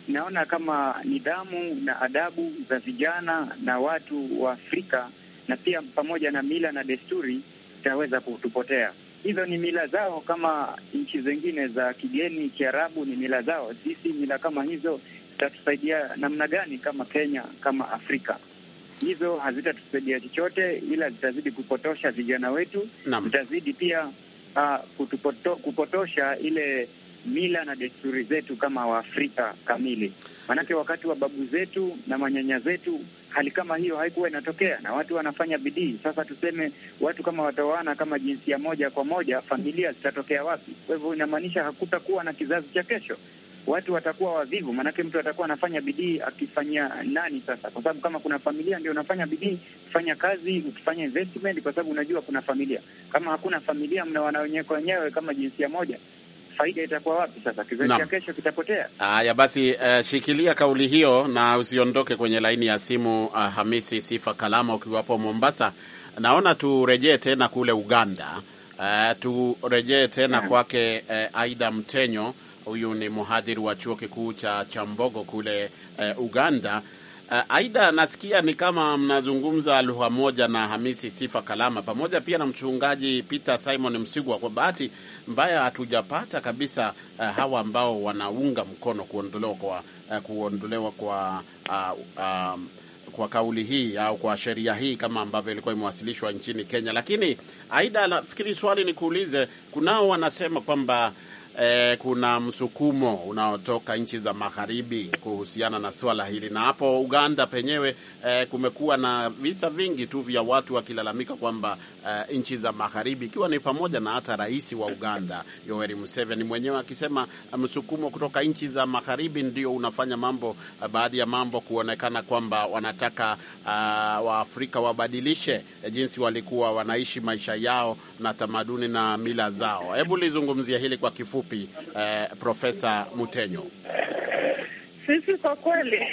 naona kama nidhamu na adabu za vijana na watu wa Afrika na pia pamoja na mila na desturi itaweza kutupotea hizo ni mila zao, kama nchi zingine za kigeni kiarabu ni mila zao. Sisi mila kama hizo zitatusaidia namna gani? Kama Kenya, kama Afrika, hizo hazitatusaidia chochote, ila zitazidi kupotosha vijana wetu, zitazidi pia uh, kutupoto, kupotosha ile mila na desturi zetu kama Waafrika kamili. Maanake wakati wa babu zetu na manyanya zetu hali kama hiyo haikuwa inatokea, na watu wanafanya bidii. Sasa tuseme watu kama wataoana kama jinsia moja kwa moja, familia zitatokea wapi? Kwa hivyo inamaanisha hakutakuwa na kizazi cha kesho. Watu watakuwa wavivu, maanake mtu atakuwa anafanya bidii akifanya nani sasa? Kwa sababu kama kuna familia ndio unafanya bidii kufanya kazi, ukifanya investment, kwa sababu unajua kuna familia. Kama hakuna familia, mna wenyewe wenyewe kama jinsia moja faida itakuwa wapi sasa? Kizazi cha kesho kitapotea. Haya basi, uh, shikilia kauli hiyo na usiondoke kwenye laini ya simu. Uh, Hamisi Sifa Kalama, ukiwapo Mombasa, naona turejee tena kule Uganda. Uh, turejee tena kwake uh, Aida Mtenyo, huyu ni mhadhiri wa chuo kikuu cha Chambogo kule uh, Uganda. Uh, eh, aida nasikia ni kama mnazungumza lugha moja na Hamisi Sifa Kalama pamoja pia na mchungaji Peter Simon Msigwa. Kwa bahati mbaya hatujapata kabisa uh, hawa ambao wanaunga mkono kuondolewa kwa uh, kuondolewa kwa uh, uh, kwa kauli hii au kwa sheria hii kama ambavyo ilikuwa imewasilishwa nchini Kenya. Lakini aida nafikiri swali ni kuulize, kunao wanasema kwamba eh, kuna msukumo unaotoka nchi za magharibi kuhusiana na swala hili, na hapo Uganda penyewe eh, kumekuwa na visa vingi tu vya watu wakilalamika kwamba eh, nchi za magharibi, ikiwa ni pamoja na hata rais wa Uganda Yoweri Museveni mwenyewe akisema eh, msukumo kutoka nchi za magharibi ndio unafanya mambo, eh, baadhi ya mambo kuonekana kwamba wanataka uh, Waafrika wabadilishe jinsi walikuwa wanaishi maisha yao na tamaduni na mila zao. Hebu lizungumzia hili kwa kifupi yapi eh, Profesa Mutenyo? Sisi kwa kweli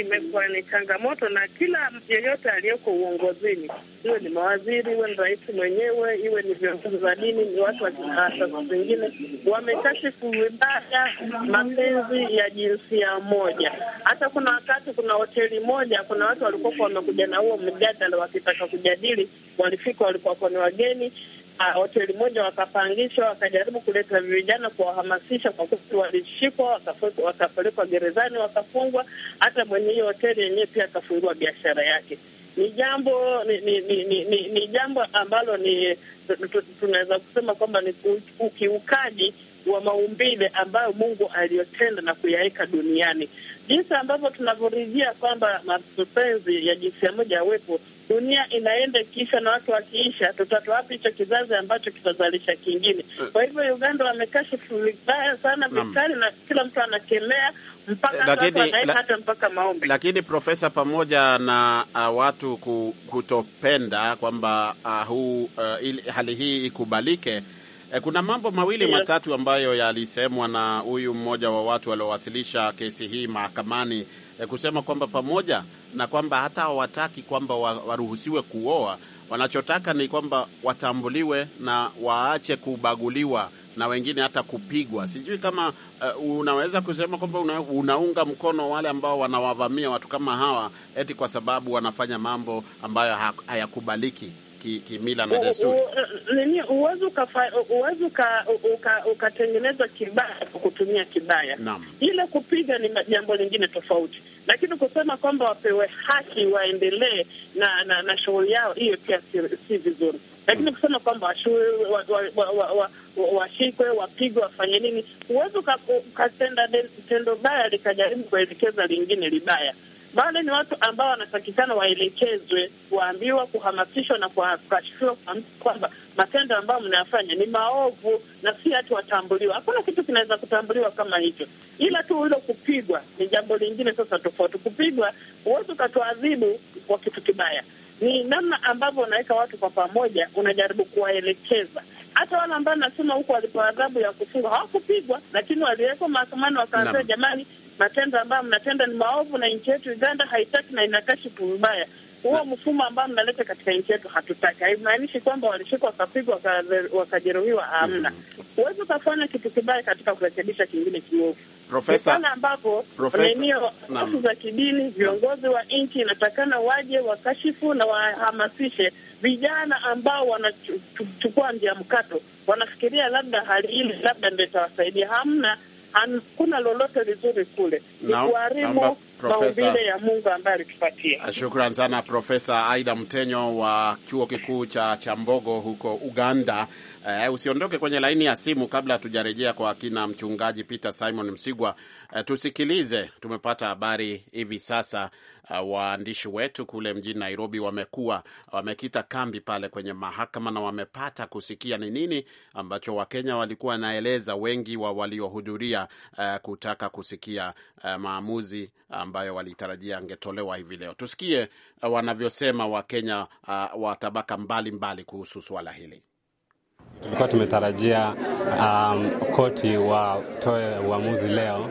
imekuwa ni changamoto, na kila yeyote aliyoko uongozini, iwe ni mawaziri, iwe ni rais mwenyewe, iwe ni viongozi wa dini, ni watu wa asasi zingine, wamekashifu vibaya mapenzi ya jinsia moja. Hata kuna wakati, kuna hoteli moja, kuna watu walikuwa wamekuja na huo mjadala wakitaka kujadili, walifika walikuwa ni wageni hoteli ah, moja wakapangishwa, wakajaribu kuleta vijana kuwahamasisha. Kwa kweli walishikwa, wakapelekwa gerezani, wakafungwa. Hata mwenye hiyo hoteli yenyewe pia akafungua biashara yake. Ni jambo ni, ni, ni, ni, ni, ni jambo ambalo ni tunaweza kusema kwamba ni ukiukaji wa maumbile ambayo Mungu aliyotenda na kuyaweka duniani. Jinsi ambavyo tunavyoridhia kwamba mapenzi ya jinsia moja yawepo, dunia inaenda ikiisha na watu wakiisha, tutatoa wapi hicho kizazi ambacho kitazalisha kingine? Eh. Kwa hivyo Uganda wamekashifu vibaya sana vikali, na kila mtu anakemea mpaka lakini, la, hata mpaka maombi. Lakini Profesa, pamoja na uh, watu ku, kutopenda kwamba uh, huu uh, il, hali hii ikubalike eh, kuna mambo mawili yeah, matatu ambayo yalisemwa na huyu mmoja wa watu waliowasilisha kesi hii mahakamani kusema kwamba pamoja na kwamba hata hawataki kwamba waruhusiwe kuoa, wanachotaka ni kwamba watambuliwe na waache kubaguliwa na wengine hata kupigwa. Sijui kama uh, unaweza kusema kwamba una, unaunga mkono wale ambao wanawavamia watu kama hawa eti kwa sababu wanafanya mambo ambayo hayakubaliki kimila ki, ki na desturi. Nini, huwezi ukatengeneza kibaya kwa kutumia kibaya. Naam. Ile kupiga ni jambo lingine tofauti, lakini kusema kwamba wapewe haki waendelee na, na, na shughuli yao hiyo pia si vizuri lakini hmm. kusema kwamba washikwe, wapigwe, wafanye nini, huwezi ukatenda tendo baya likajaribu kuelekeza lingine libaya bado ni watu ambao wanatakikana waelekezwe, waambiwa, kuhamasishwa na kuwakashifiwa kwamba matendo ambayo mnayafanya ni maovu na si hati watambuliwa. Hakuna kitu kinaweza kutambuliwa kama hicho, ila tu hilo kupigwa ni jambo lingine sasa tofauti. Kupigwa huwezi ukatuadhibu kwa kitu kibaya, ni namna ambavyo unaweka watu kwa pamoja, unajaribu kuwaelekeza hata wale ambao nasema huko walipewa adhabu ya kufungwa hawakupigwa, lakini waliwekwa mahakamani wakaanza, jamani, matendo ambayo mnatenda ni maovu, na nchi yetu Uganda haitaki na inakashifu vibaya huo mfumo ambao mnaleta katika nchi yetu hatutaki. Haimaanishi kwamba walishika wakapigwa wakajeruhiwa, hamna. Mm. Huwezi ukafanya kitu kibaya katika kurekebisha kingine kiovu. Pale ambapo eneo afu za kidini, viongozi wa nchi inatakana waje wakashifu na wahamasishe vijana ambao wanachukua njia mkato, wanafikiria labda hali hili labda ndio itawasaidia. Hamna hakuna lolote vizuri kule, ni kuharibu maumbile ya Mungu ambaye alitupatia. Ah, shukran sana Profesa Aida Mtenyo wa Chuo Kikuu cha Chambogo huko Uganda. Uh, usiondoke kwenye laini ya simu kabla hatujarejea kwa akina mchungaji Peter Simon Msigwa. Uh, tusikilize, tumepata habari hivi sasa uh, waandishi wetu kule mjini Nairobi wamekuwa wamekita kambi pale kwenye mahakama na wamepata kusikia ni nini ambacho Wakenya walikuwa wanaeleza, wengi wa waliohudhuria uh, kutaka kusikia uh, maamuzi ambayo walitarajia angetolewa hivi leo. Tusikie uh, wanavyosema Wakenya uh, wa tabaka mbalimbali kuhusu swala hili. Tulikuwa tumetarajia um, koti watoe uamuzi leo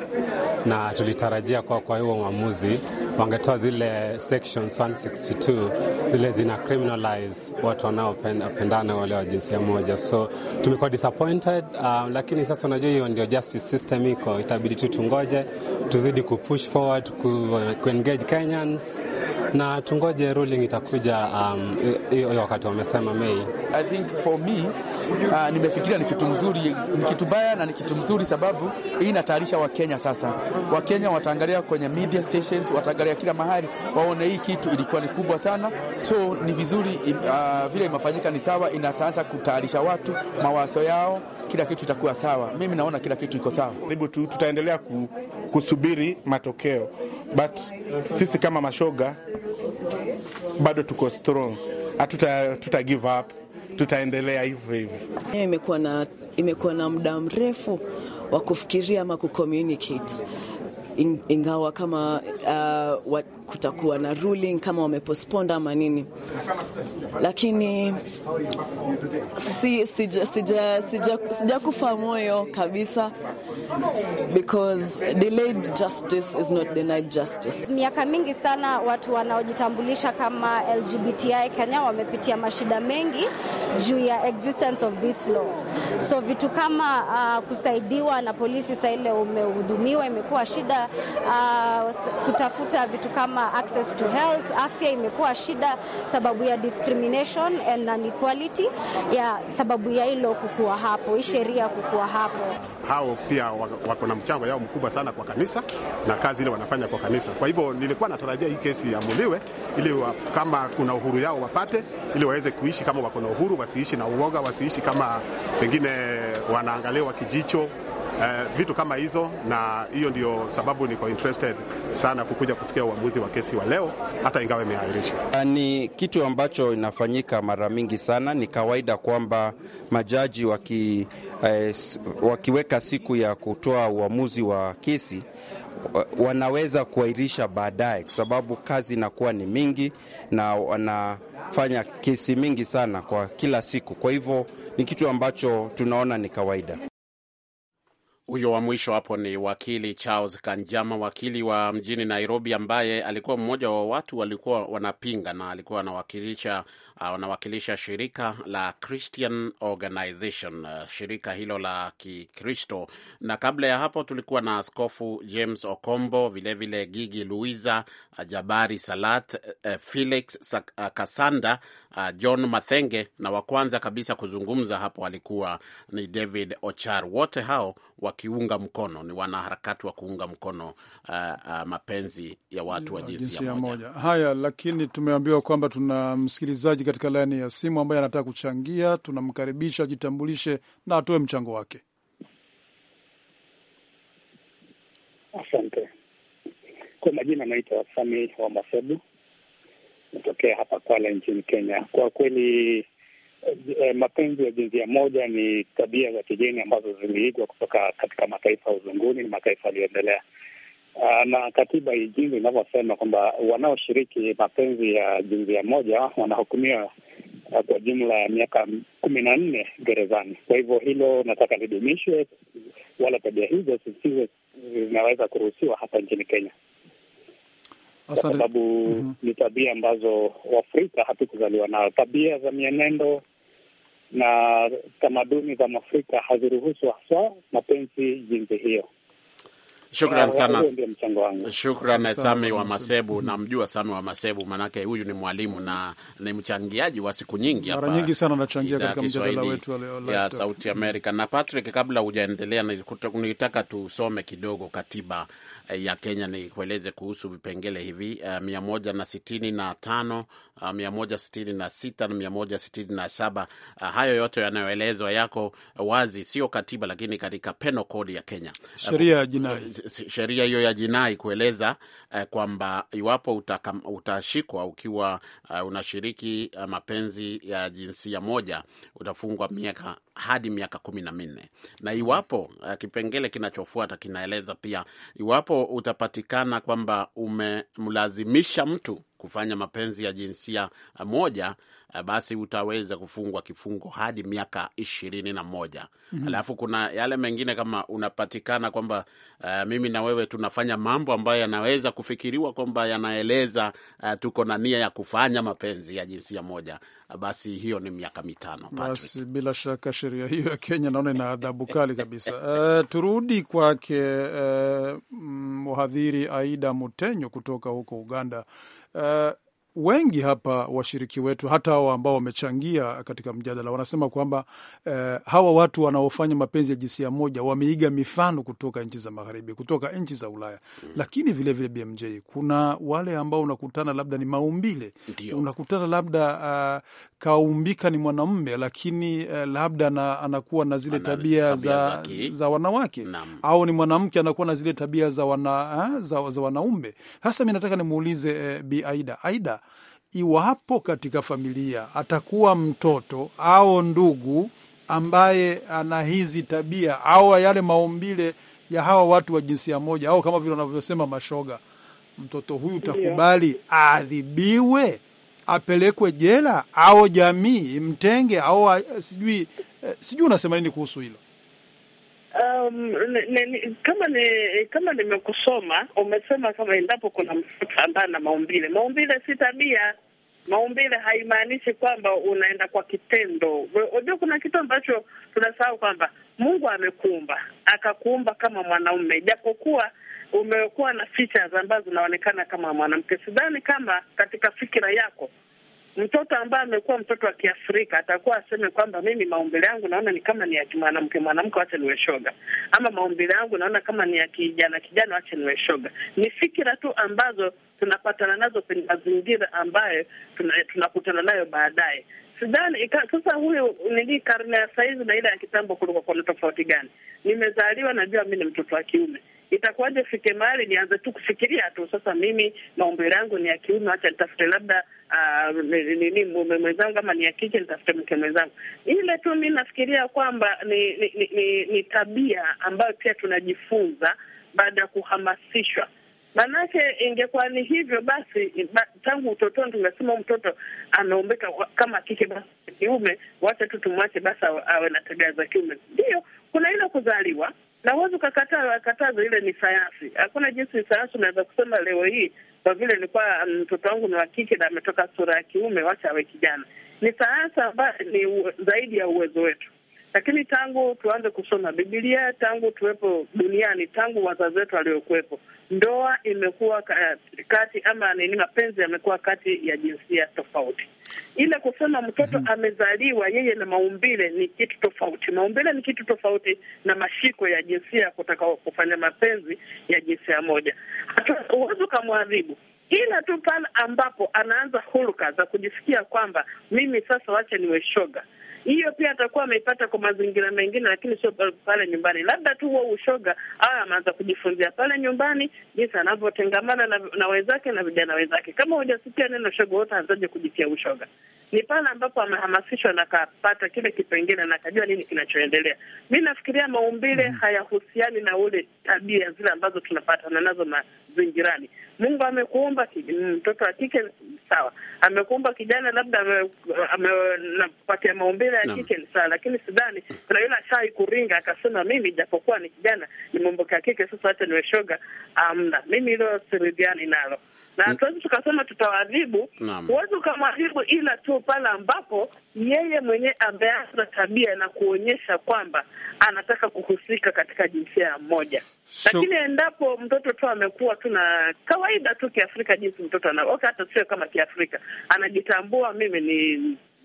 na tulitarajia kuwa kwa hiyo uamuzi wangetoa zile sections 162 zile zina criminalize watu wanaopendana wale wa jinsia moja, so tumekuwa disappointed um, lakini sasa unajua hiyo ndio justice system iko, itabidi tu tungoje, tuzidi kupush forward ku, ku engage Kenyans na tungoje ruling itakuja, um, hiyo wakati wamesema Mei. I think for me Ah, nimefikiria ni kitu mzuri, ni kitu baya na ni kitu mzuri, sababu hii inatayarisha Wakenya. Sasa Wakenya wataangalia kwenye media stations, wataangalia kila mahali, waone hii kitu ilikuwa ni kubwa sana, so ni vizuri uh, vile imefanyika ni sawa, inataanza kutayarisha watu mawazo yao, kila kitu itakuwa sawa. Mimi naona kila kitu iko sawa, karibu tu tutaendelea ku, kusubiri matokeo, but sisi kama mashoga bado tuko strong, hatuta tuta give up tutaendelea hivyo hivyo. Imekuwa na, imekuwa na muda mrefu wa kufikiria ama kucommunicate ingawa kama uh, wat, kutakuwa na ruling kama wameposponda ama nini, lakini si, sija, sija, sija, sija kufa moyo kabisa because delayed justice is not denied justice. Miaka mingi sana watu wanaojitambulisha kama LGBTI Kenya wamepitia mashida mengi juu ya existence of this law. So vitu kama uh, kusaidiwa na polisi saa ile umehudumiwa imekuwa shida, uh, kutafuta vitu kama kama access to health, afya imekuwa shida sababu ya discrimination and inequality, ya sababu ya hilo kukua hapo, hii sheria kukua hapo. Hao pia wako na mchango yao mkubwa sana kwa kanisa na kazi ile wanafanya kwa kanisa. Kwa hivyo nilikuwa natarajia hii kesi iamuliwe ili wa, kama kuna uhuru yao wapate, ili waweze kuishi kama wako na uhuru, wasiishi na uoga, wasiishi kama pengine wanaangaliwa kijicho Eh, vitu kama hizo, na hiyo ndio sababu niko interested sana kukuja kusikia uamuzi wa kesi wa leo, hata ingawa imeahirishwa. Ah, ni kitu ambacho inafanyika mara mingi sana, ni kawaida kwamba majaji waki, eh, wakiweka siku ya kutoa uamuzi wa kesi wanaweza kuahirisha baadaye, kwa sababu kazi inakuwa ni mingi na wanafanya kesi mingi sana kwa kila siku. Kwa hivyo ni kitu ambacho tunaona ni kawaida. Huyo wa mwisho hapo ni wakili Charles Kanjama, wakili wa mjini Nairobi, ambaye alikuwa mmoja wa watu walikuwa wanapinga na alikuwa anawakilisha wanawakilisha uh, shirika la Christian Organization, uh, shirika hilo la Kikristo. Na kabla ya hapo tulikuwa na Askofu James Okombo, vilevile vile Gigi Luiza, uh, Jabari Salat, Felix Kasanda uh, John Mathenge, na wa kwanza kabisa kuzungumza hapo alikuwa ni David Ochar. Wote hao wakiunga mkono, ni wanaharakati wa kuunga mkono uh, uh, mapenzi ya watu wa jinsi ya moja. Haya, lakini tumeambiwa kwamba tuna msikilizaji katika laini ya simu ambaye anataka kuchangia. Tunamkaribisha ajitambulishe na atoe mchango wake. Asante. Kwa majina anaitwa Sami wa Masebu kutokea hapa Kwale nchini Kenya. Kwa kweli eh, mapenzi ya jinsia moja ni tabia za kigeni ambazo ziliigwa kutoka katika mataifa ya uzunguni na mataifa yaliyoendelea, ah, na katiba jinsi inavyosema kwamba wanaoshiriki mapenzi ya jinsia moja wanahukumiwa ah, kwa jumla ya miaka kumi na nne gerezani. Kwa hivyo hilo nataka lidumishwe, wala tabia hizo zisiwe zinaweza kuruhusiwa hapa nchini Kenya kwa sababu mm -hmm. ni tabia ambazo Waafrika hatukuzaliwa nayo. Tabia za mienendo na tamaduni za Mwafrika haziruhusu haswa mapenzi jinsi hiyo. Shukran sana, shukran Sami wa Masebu. Mm-hmm. Namjua Sami wa Masebu, manake huyu ni mwalimu na ni mchangiaji wa siku nyingi hapa, mara nyingi sana anachangia katika mjadala wetu ya Sauti mm-hmm. Amerika. Na Patrick, kabla hujaendelea, nilitaka tusome kidogo katiba eh, ya Kenya, nikueleze kuhusu vipengele hivi eh, mia moja na sitini na tano eh, mia moja sitini na sita na mia moja sitini na saba Hayo yote yanayoelezwa yako wazi, sio katiba, lakini katika penal code ya Kenya, sheria ya jinai sheria hiyo ya jinai kueleza eh, kwamba iwapo utashikwa ukiwa uh, unashiriki uh, mapenzi ya jinsia moja utafungwa miaka hadi miaka kumi na minne na mm-hmm. iwapo uh, kipengele kinachofuata kinaeleza pia iwapo utapatikana kwamba umemlazimisha mtu kufanya mapenzi ya jinsia moja Eh, basi utaweza kufungwa kifungo hadi miaka ishirini na moja. mm -hmm. Alafu kuna yale mengine kama unapatikana kwamba uh, mimi na wewe tunafanya mambo ambayo yanaweza kufikiriwa kwamba yanaeleza uh, tuko na nia ya kufanya mapenzi ya jinsia moja, basi hiyo ni miaka mitano. Basi bila shaka sheria hiyo ya Kenya naona ina adhabu kali kabisa. Uh, turudi kwake uh, mhadhiri Aida Mutenyo kutoka huko Uganda. Uh, wengi hapa washiriki wetu hata hawa ambao wamechangia katika mjadala wanasema kwamba eh, hawa watu wanaofanya mapenzi ya jinsia moja wameiga mifano kutoka nchi za magharibi, kutoka nchi za Ulaya mm. Lakini vilevile vile BMJ kuna wale ambao unakutana labda ni maumbile unakutana labda uh, kaumbika ni mwanamume lakini eh, labda na, anakuwa na zile tabia, tabia za, za wanawake Nam. au ni mwanamke anakuwa na zile tabia za, wana, eh, za, za wanaume. Sasa mi nataka nimuulize eh, Bi Aida, Aida, iwapo katika familia atakuwa mtoto au ndugu ambaye ana hizi tabia au yale maumbile ya hawa watu wa jinsia moja au kama vile wanavyosema mashoga, mtoto huyu utakubali aadhibiwe apelekwe jela au jamii imtenge au eh, sijui, eh, sijui unasema nini kuhusu hilo? Um, kama ni kama nimekusoma, umesema kama endapo kuna mtoto ambaye ana maumbile, maumbile si tabia. Maumbile haimaanishi kwamba unaenda kwa kitendo. Unajua, kuna kitu ambacho tunasahau kwamba Mungu amekuumba akakuumba kama mwanaume, japokuwa umekuwa na features ambazo zinaonekana kama mwanamke. Sidhani kama katika fikira yako mtoto ambaye amekuwa mtoto wa Kiafrika atakuwa aseme kwamba mimi maumbile yangu naona ni kama ni ya mwanamke mwanamke, acha niwe shoga, ama maumbile yangu naona kama ni ya kijana kijana, wacha niwe shoga. Ni fikira tu ambazo tunapatana nazo kwenye mazingira ambayo tunakutana nayo baadaye. Sidhani sasa, huyu nili karne ya saizi na ile ya kitambo kulikuwa kuna tofauti gani? Nimezaliwa najua mi ni mtoto wa kiume itakuwaje fike mahali nianze tu kufikiria tu sasa, mimi maumbile yangu ni ya kiume, acha nitafute labda uh, ah, nini mume mwenzangu, kama ni ya kike nitafute mke mwenzangu. Ile tu mi nafikiria kwamba ni ni, ni, ni, ni tabia ambayo pia tunajifunza baada ya kuhamasishwa. manake ingekuwa ni hivyo basi, ba, tangu utotoni tumesema mtoto anaumbika kama kike basi kiume, wacha tu tumwache basi awe na tabia za kiume. Ndiyo, kuna ile kuzaliwa na huwezi ukakataa kataza, ile ni sayansi. Hakuna jinsi sayansi unaweza kusema leo hii kwa vile nilikuwa um, mtoto wangu ni wa kike na ametoka sura ya kiume, wacha awe kijana. Ni sayansi ambayo ni zaidi ya uwezo wetu. Lakini tangu tuanze kusoma Bibilia, tangu tuwepo duniani, tangu wazazi wetu waliokuwepo, ndoa imekuwa kati ama nini, mapenzi yamekuwa kati ya jinsia tofauti. Ile kusema mtoto mhm. amezaliwa yeye na maumbile ni kitu tofauti. Maumbile ni kitu tofauti na mashiko ya jinsia ya kutaka kufanya mapenzi ya jinsia moja. Hata uwezi ukamwadhibu ila tu pale ambapo anaanza hulka za kujisikia kwamba mimi sasa, wacha niwe shoga, hiyo pia atakuwa ameipata kwa mazingira mengine, lakini sio pale nyumbani. Labda tu huo ushoga awe ameanza kujifunzia pale nyumbani, jinsi anavyotengamana na, na wenzake na vijana wenzake. Kama hujasikia neno shoga, wote anzaje kujitia ushoga? Ni pale ambapo amehamasishwa na kapata kile kipengele na akajua nini kinachoendelea. Mi nafikiria maumbile hayahusiani na ule tabia zile ambazo tunapatana nazo mazingirani. Mungu amekuumba mtoto wa kike sawa, amekuumba kijana, labda amepatia ame, maumbile maana ya kike ni sawa, lakini sidhani kuna yule ashai kuringa akasema mimi japokuwa ni kijana nimeomboka kike, sasa hata niwe shoga. Amna, mimi hilo siridhiani nalo na mm. tuwezi tukasema tutawadhibu. Huwezi ukamwadhibu ila tu pale ambapo yeye mwenyewe ameanza tabia na kuonyesha kwamba anataka kuhusika katika jinsia mmoja So, lakini endapo mtoto tu amekuwa tu na kawaida tu Kiafrika, jinsi mtoto anaoka, hata sio kama Kiafrika, anajitambua mimi ni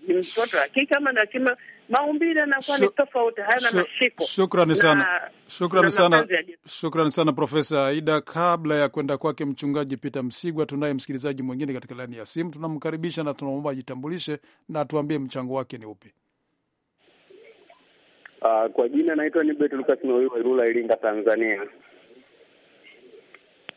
mtoto wa kike ama nasema maumbile yanakuwa ni tofauti, hayana mashiko. Shukrani sana, shukrani sana, shukrani sana Profesa Aida. Kabla ya kwenda kwake Mchungaji Peter Msigwa, tunaye msikilizaji mwingine katika laini ya simu. Tunamkaribisha na tunamwomba ajitambulishe na atuambie mchango wake ni upi. Uh, kwa jina naitwa ni Betu Lukas Mawiwa Ilula, Iringa, Tanzania.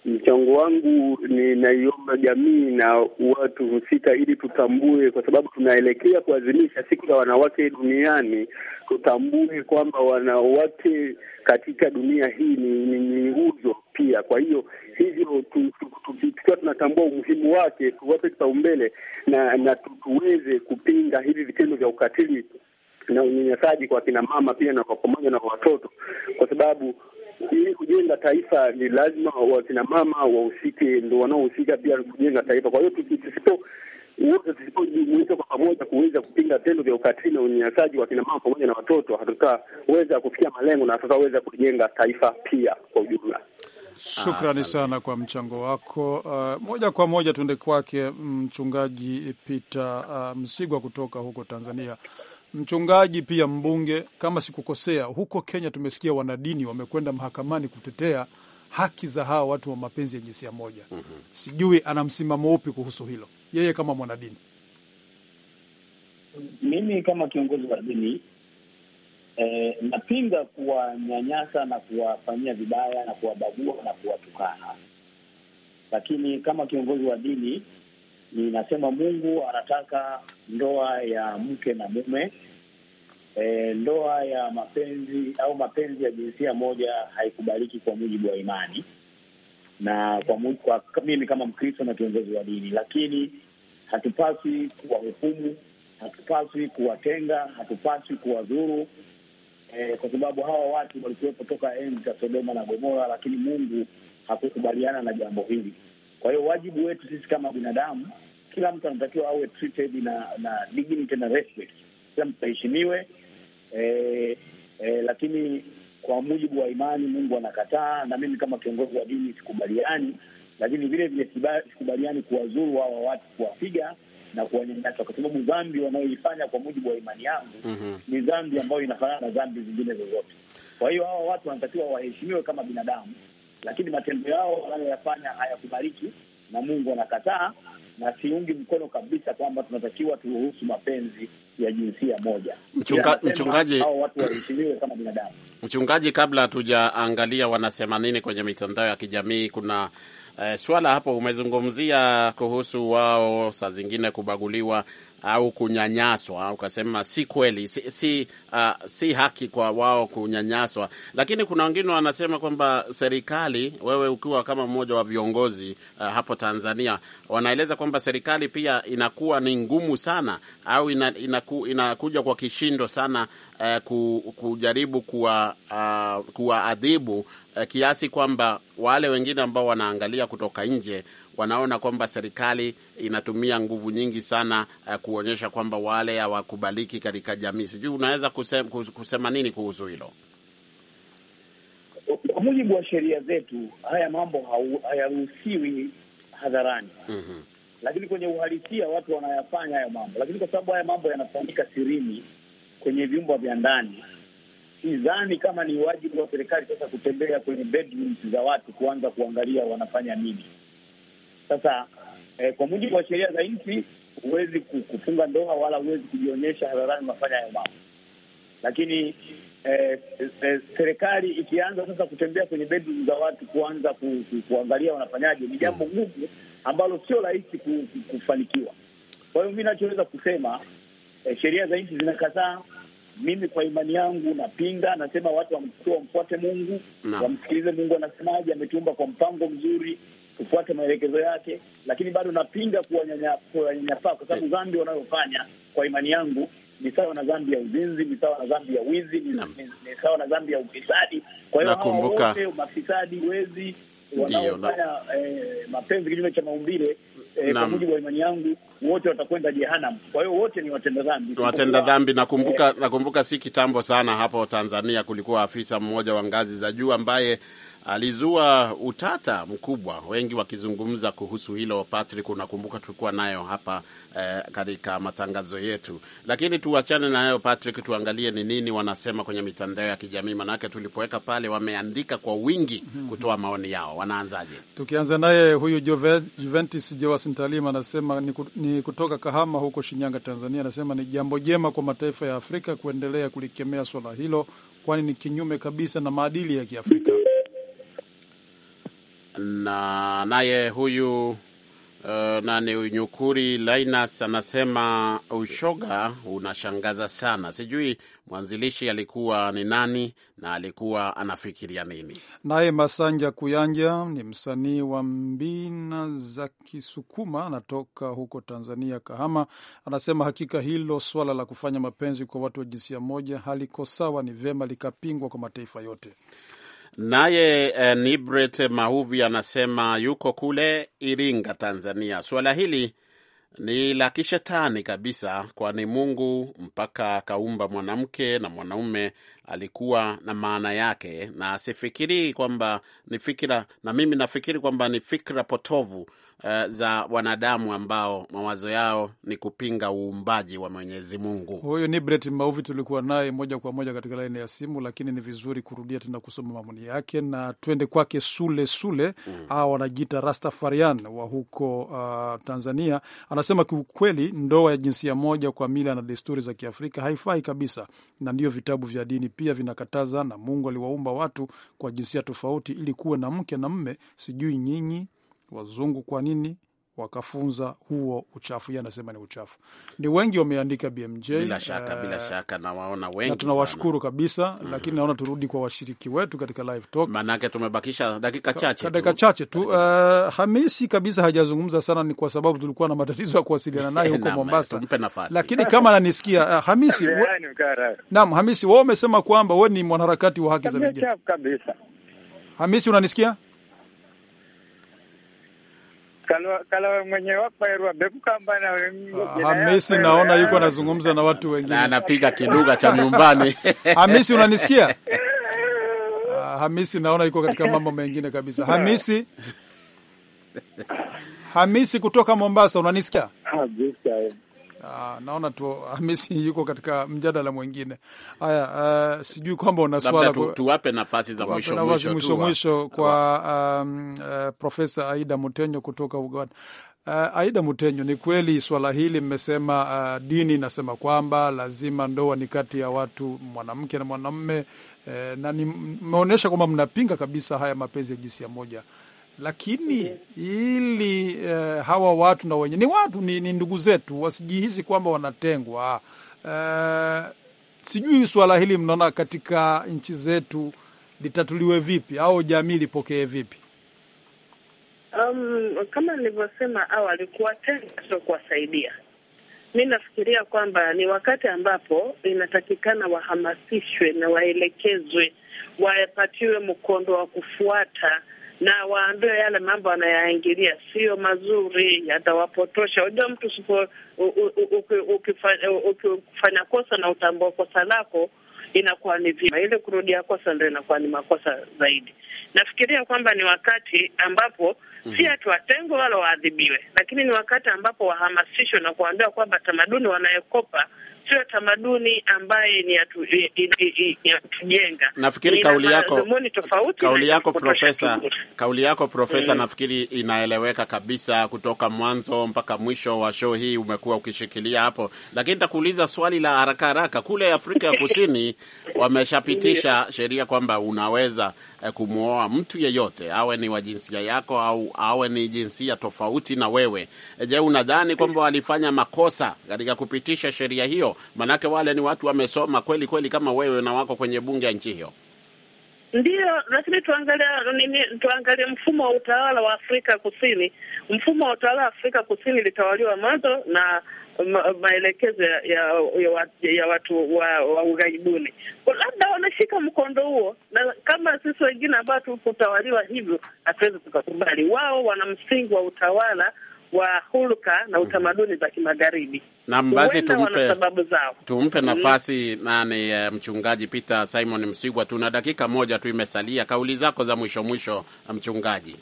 Mchango wangu ninaiomba jamii na watu husika, ili tutambue, kwa sababu tunaelekea kuadhimisha siku za wanawake duniani, tutambue kwamba wanawake katika dunia hii ni, ni, nguzo pia. Kwa hiyo hivyo tukiwa tunatambua umuhimu wake, tuwape kipaumbele na, na tuweze kupinga hivi vitendo vya ukatili na unyanyasaji kwa kina mama pia na kwa pamoja na kwa watoto, kwa sababu ili kujenga taifa ni lazima wakina mama wahusike, ndo wanaohusika pia kujenga taifa. Kwa hiyo tusipo wote tusipojumuika kwa pamoja kuweza kupinga vitendo vya ukatili na unyanyasaji wa kina mama pamoja na watoto, hatutaweza kufikia malengo na hatutaweza kujenga taifa pia kwa ujumla. Shukrani sana kwa mchango wako. Uh, moja kwa moja tuende kwake mm, mchungaji Peter uh, Msigwa kutoka huko Tanzania mchungaji pia mbunge, kama sikukosea, huko Kenya tumesikia wanadini wamekwenda mahakamani kutetea haki za hawa watu wa mapenzi ya jinsia moja. mm -hmm. Sijui ana msimamo upi kuhusu hilo yeye kama mwanadini. Mimi kama kiongozi wa dini eh, napinga kuwanyanyasa na kuwafanyia vibaya na kuwabagua na kuwatukana, lakini kama kiongozi wa dini ninasema Mungu anataka ndoa ya mke na mume. E, ndoa ya mapenzi au mapenzi ya jinsia moja haikubaliki kwa mujibu wa imani na kwa, mu, kwa mimi kama Mkristo na kiongozi wa dini, lakini hatupaswi kuwahukumu, hatupaswi kuwatenga, hatupaswi kuwadhuru e, kwa sababu hawa watu walikuwepo toka enzi za Sodoma na Gomora, lakini Mungu hakukubaliana na jambo hili. Kwa hiyo wajibu wetu sisi kama binadamu kila mtu anatakiwa awe treated na na dignity na respect, kila mtu aheshimiwe. E, e, lakini kwa mujibu wa imani Mungu anakataa, na mimi kama kiongozi wa dini sikubaliani, lakini vile vile sikubaliani kuwazuru hawa watu, kuwapiga na kuwanyanyasa, kwa sababu dhambi wanayoifanya kwa mujibu wa imani yangu mm -hmm. ni dhambi ambayo inafanana na dhambi zingine zozote. Kwa hiyo hawa watu wanatakiwa waheshimiwe kama binadamu, lakini matendo yao wanayoyafanya hayakubaliki na Mungu anakataa na siungi mkono kabisa kwamba tunatakiwa turuhusu mapenzi ya jinsia moja. Mchunga, yaani, mchungaji, hao watu waheshimiwe kama binadamu. Mchungaji, kabla hatujaangalia wanasema nini kwenye mitandao ya kijamii, kuna eh, swala hapo umezungumzia kuhusu wao saa zingine kubaguliwa au kunyanyaswa. Ukasema si kweli, si si, uh, si haki kwa wao kunyanyaswa, lakini kuna wengine wanasema kwamba serikali, wewe ukiwa kama mmoja wa viongozi uh, hapo Tanzania, wanaeleza kwamba serikali pia inakuwa ni ngumu sana au ina, inaku, inakuja kwa kishindo sana uh, ku, kujaribu ah, kuwaadhibu uh, eh, kuwa uh, kiasi kwamba wale wengine ambao wanaangalia kutoka nje wanaona kwamba serikali inatumia nguvu nyingi sana uh, kuonyesha kwamba wale hawakubaliki katika jamii. Sijui unaweza kusema, kusema nini kuhusu hilo? Kwa mujibu wa sheria zetu haya mambo hayaruhusiwi hadharani. mm -hmm. Lakini kwenye uhalisia watu wanayafanya hayo mambo, lakini kwa sababu haya mambo yanafanyika sirini kwenye vyumba vya ndani, sidhani kama ni wajibu wa serikali sasa kutembea kwenye bedrooms za watu kuanza kuangalia wanafanya nini. Sasa eh, kwa mujibu wa sheria za nchi huwezi kufunga ndoa wala huwezi kujionyesha hadharani mafanya hayo mambo, lakini eh, eh, serikali ikianza sasa kutembea kwenye bedroom za watu kuanza ku, ku, kuangalia wanafanyaje ni jambo hmm. gumu ambalo sio rahisi ku, ku, kufanikiwa. Kwa hiyo mi nachoweza kusema eh, sheria za nchi zinakataa. Mimi kwa imani yangu napinga, nasema watu wamfuate Mungu, wamsikilize Mungu anasemaje. ametumba kwa mpango mzuri kufuata maelekezo yake, lakini bado napinga kuwanyanyapaa kwa sababu dhambi wanayofanya kwa imani yangu ni sawa na dhambi ya uzinzi, ni sawa na dhambi ya wizi, ni, ni sawa na dhambi ya ufisadi. Kwa hiyo hao wote mafisadi, wezi wanaofanya eh, mapenzi kinyume cha maumbile eh, kwa mujibu wa imani yangu wote watakwenda jehanamu. Kwa hiyo wote ni watenda dhambi, watenda dhambi. Nakumbuka, nakumbuka si kitambo sana hapo Tanzania kulikuwa afisa mmoja wa ngazi za juu ambaye alizua utata mkubwa, wengi wakizungumza kuhusu hilo. Patrick, unakumbuka tulikuwa nayo hapa eh, katika matangazo yetu, lakini tuachane nayo Patrick, tuangalie ni nini wanasema kwenye mitandao ya kijamii, manake tulipoweka pale wameandika kwa wingi kutoa maoni yao. Wanaanzaje? Tukianza naye huyu Juventus Joas Ntalima anasema ni kutoka Kahama huko Shinyanga, Tanzania. Anasema ni jambo jema kwa mataifa ya Afrika kuendelea kulikemea swala hilo, kwani ni kinyume kabisa na maadili ya Kiafrika na naye huyu uh, eh, ni Unyukuri Linus anasema ushoga unashangaza sana, sijui mwanzilishi alikuwa ni nani na alikuwa anafikiria nini? Naye Masanja Kuyanja ni msanii wa mbina za Kisukuma, anatoka huko Tanzania, Kahama. Anasema hakika hilo swala la kufanya mapenzi kwa watu wa jinsia moja haliko sawa, ni vyema likapingwa kwa mataifa yote. Naye eh, Nibret Mahuvi anasema yuko kule Iringa, Tanzania. Suala hili ni la kishetani kabisa, kwani Mungu mpaka akaumba mwanamke na mwanaume alikuwa na maana yake, na asifikirii kwamba ni fikira, na mimi nafikiri kwamba ni fikra potovu Eh, za wanadamu ambao mawazo yao ni kupinga uumbaji wa Mwenyezi Mungu. Huyu ni Bret Mauvi, tulikuwa naye moja kwa moja katika laini ya simu, lakini ni vizuri kurudia tena kusoma maoni yake, na twende kwake Sule Sule mm. au wanajiita Rastafarian wa huko uh, Tanzania. Anasema kiukweli, ndoa ya jinsia moja kwa mila na desturi za Kiafrika haifai kabisa, na ndiyo vitabu vya dini pia vinakataza, na Mungu aliwaumba watu kwa jinsia tofauti ili kuwe na mke na mme. Sijui nyinyi wazungu kwa nini wakafunza huo uchafu? Yeye anasema ni uchafu. Ni wengi wameandika BMJ, bila shaka, uh, bila shaka na wengi na tunawashukuru kabisa mm -hmm. Lakini naona turudi kwa washiriki wetu katika live talk, maanake tumebakisha dakika chache, dakika chache tu. Uh, Hamisi kabisa hajazungumza sana, ni kwa sababu tulikuwa na matatizo ya kuwasiliana naye huko *laughs* Mombasa, lakini kama ananisikia uh, Hamisi naam, Hamisi wewe umesema kwamba wewe ni mwanaharakati wa haki za vijana. Hamisi, unanisikia? Ah, Hamisi, naona yuko anazungumza na watu wengine, anapiga kiduga cha nyumbani. *laughs* Hamisi, unanisikia? *laughs* Ah, Hamisi naona yuko katika mambo mengine kabisa. Hamisi, *laughs* Hamisi kutoka Mombasa, unanisikia? Ah, Ah, naona tu Hamisi *laughs* yuko katika mjadala mwingine. Haya, uh, sijui kwamba una swala tu, tuwape nafasi za mwisho mwisho, mwisho, mwisho, mwisho kwa um, uh, Profesa Aida Mutenyo kutoka Uganda. Uh, Aida Mutenyo, ni kweli swala hili mmesema, uh, dini inasema kwamba lazima ndoa ni kati ya watu mwanamke na mwanamme eh, na nimeonyesha kwamba mnapinga kabisa haya mapenzi ya jinsia moja lakini ili uh, hawa watu na wenye ni watu ni, ni ndugu zetu wasijihisi kwamba wanatengwa. Uh, sijui swala hili mnaona katika nchi zetu litatuliwe vipi au jamii lipokee vipi? Um, kama nilivyosema awali, kuwatenga sio kuwasaidia. Mi nafikiria kwamba ni wakati ambapo inatakikana wahamasishwe na waelekezwe, wapatiwe mkondo wa kufuata na waambiwe yale mambo anayaingilia sio mazuri, yatawapotosha. Unajua, mtu ukifanya kosa na utambua kosa lako inakuwa ni vima, ile kurudia kosa ndo inakuwa ni makosa zaidi. Nafikiria kwamba ni wakati ambapo mm -hmm. si hatu watengwe wala waadhibiwe, lakini ni wakati ambapo wahamasishwe na kuambiwa kwamba tamaduni wanayokopa sio tamaduni ambaye ni ya Nafikiri kauli yako kauli yako profesa, kauli yako profesa, mm, nafikiri inaeleweka kabisa kutoka mwanzo mpaka mwisho wa show hii, umekuwa ukishikilia hapo, lakini nitakuuliza swali la haraka haraka. Kule Afrika ya Kusini *laughs* wameshapitisha sheria kwamba unaweza Eh, kumwoa mtu yeyote, awe ni wa jinsia yako au awe ni jinsia tofauti na wewe. Eh, je, unadhani kwamba walifanya makosa katika kupitisha sheria hiyo? Manake wale ni watu wamesoma kweli kweli kama wewe na wako kwenye bunge ya nchi hiyo. Ndiyo, lakini tuangalie nini, tuangalie mfumo wa utawala wa Afrika Kusini. Mfumo wa utawala wa Afrika Kusini ilitawaliwa mwanzo na ma, maelekezo ya, ya, ya, ya watu wa, wa ughaibuni. Labda wanashika mkondo huo, na kama sisi wengine ambao tukutawaliwa hivyo hatuwezi tukakubali. Wao wana msingi wa utawala wa hulka na utamaduni za kimagharibi. Naam, basi tumpe sababu zao, tumpe mm-hmm. nafasi nani, eh, mchungaji Peter Simon Msigwa. Tuna dakika moja tu imesalia, kauli zako za mwisho mwisho, eh, mchungaji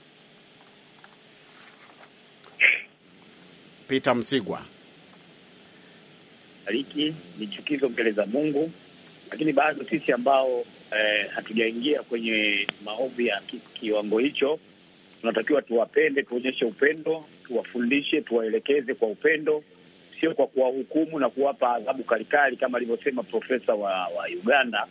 Peter Msigwa kufariki ni chukizo mbele za Mungu, lakini bado sisi ambao eh, hatujaingia kwenye maombi ya kiwango hicho tunatakiwa tuwapende, tuonyeshe upendo, tuwafundishe, tuwaelekeze kwa upendo, sio kwa kuwahukumu na kuwapa adhabu kalikali, kama alivyosema profesa wa, wa Uganda.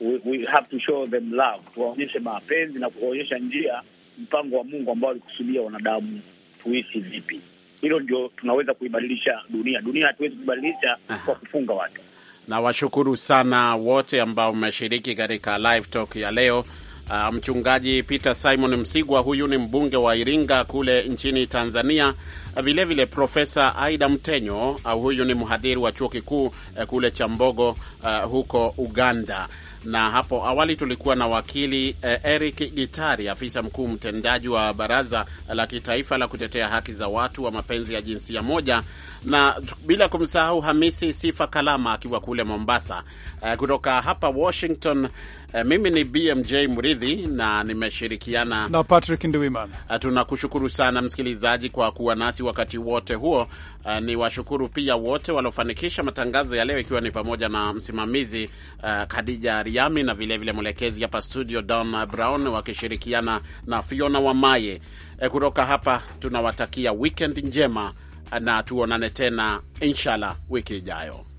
We, we have to show them love, tuwaonyeshe mapenzi na kuwaonyesha njia, mpango wa Mungu ambao alikusudia wanadamu tuishi vipi hilo ndio tunaweza kuibadilisha dunia. Dunia hatuwezi kuibadilisha kwa kufunga watu. Nawashukuru sana wote ambao mmeshiriki katika live talk ya leo. Uh, mchungaji Peter Simon Msigwa, huyu ni mbunge wa Iringa kule nchini Tanzania. Vilevile ah, Profesa Aida Mtenyo, uh, huyu ni mhadhiri wa chuo kikuu uh, kule Chambogo uh, huko Uganda na hapo awali tulikuwa na wakili eh, Eric Gitari, afisa mkuu mtendaji wa Baraza la Kitaifa la Kutetea Haki za Watu wa Mapenzi ya Jinsia Moja, na bila kumsahau Hamisi Sifa Kalama akiwa kule Mombasa. Eh, kutoka hapa Washington E, mimi ni BMJ Mridhi na nimeshirikiana na Patrick Ndwimana. Eh, tunakushukuru sana msikilizaji kwa kuwa nasi wakati wote huo. E, eh, ni washukuru pia wote waliofanikisha matangazo ya leo, ikiwa ni pamoja na msimamizi uh, Khadija Riami na vilevile mwelekezi hapa studio Don Brown wakishirikiana na Fiona Wamaye. E, kutoka hapa tunawatakia weekend njema na tuonane tena inshallah wiki ijayo.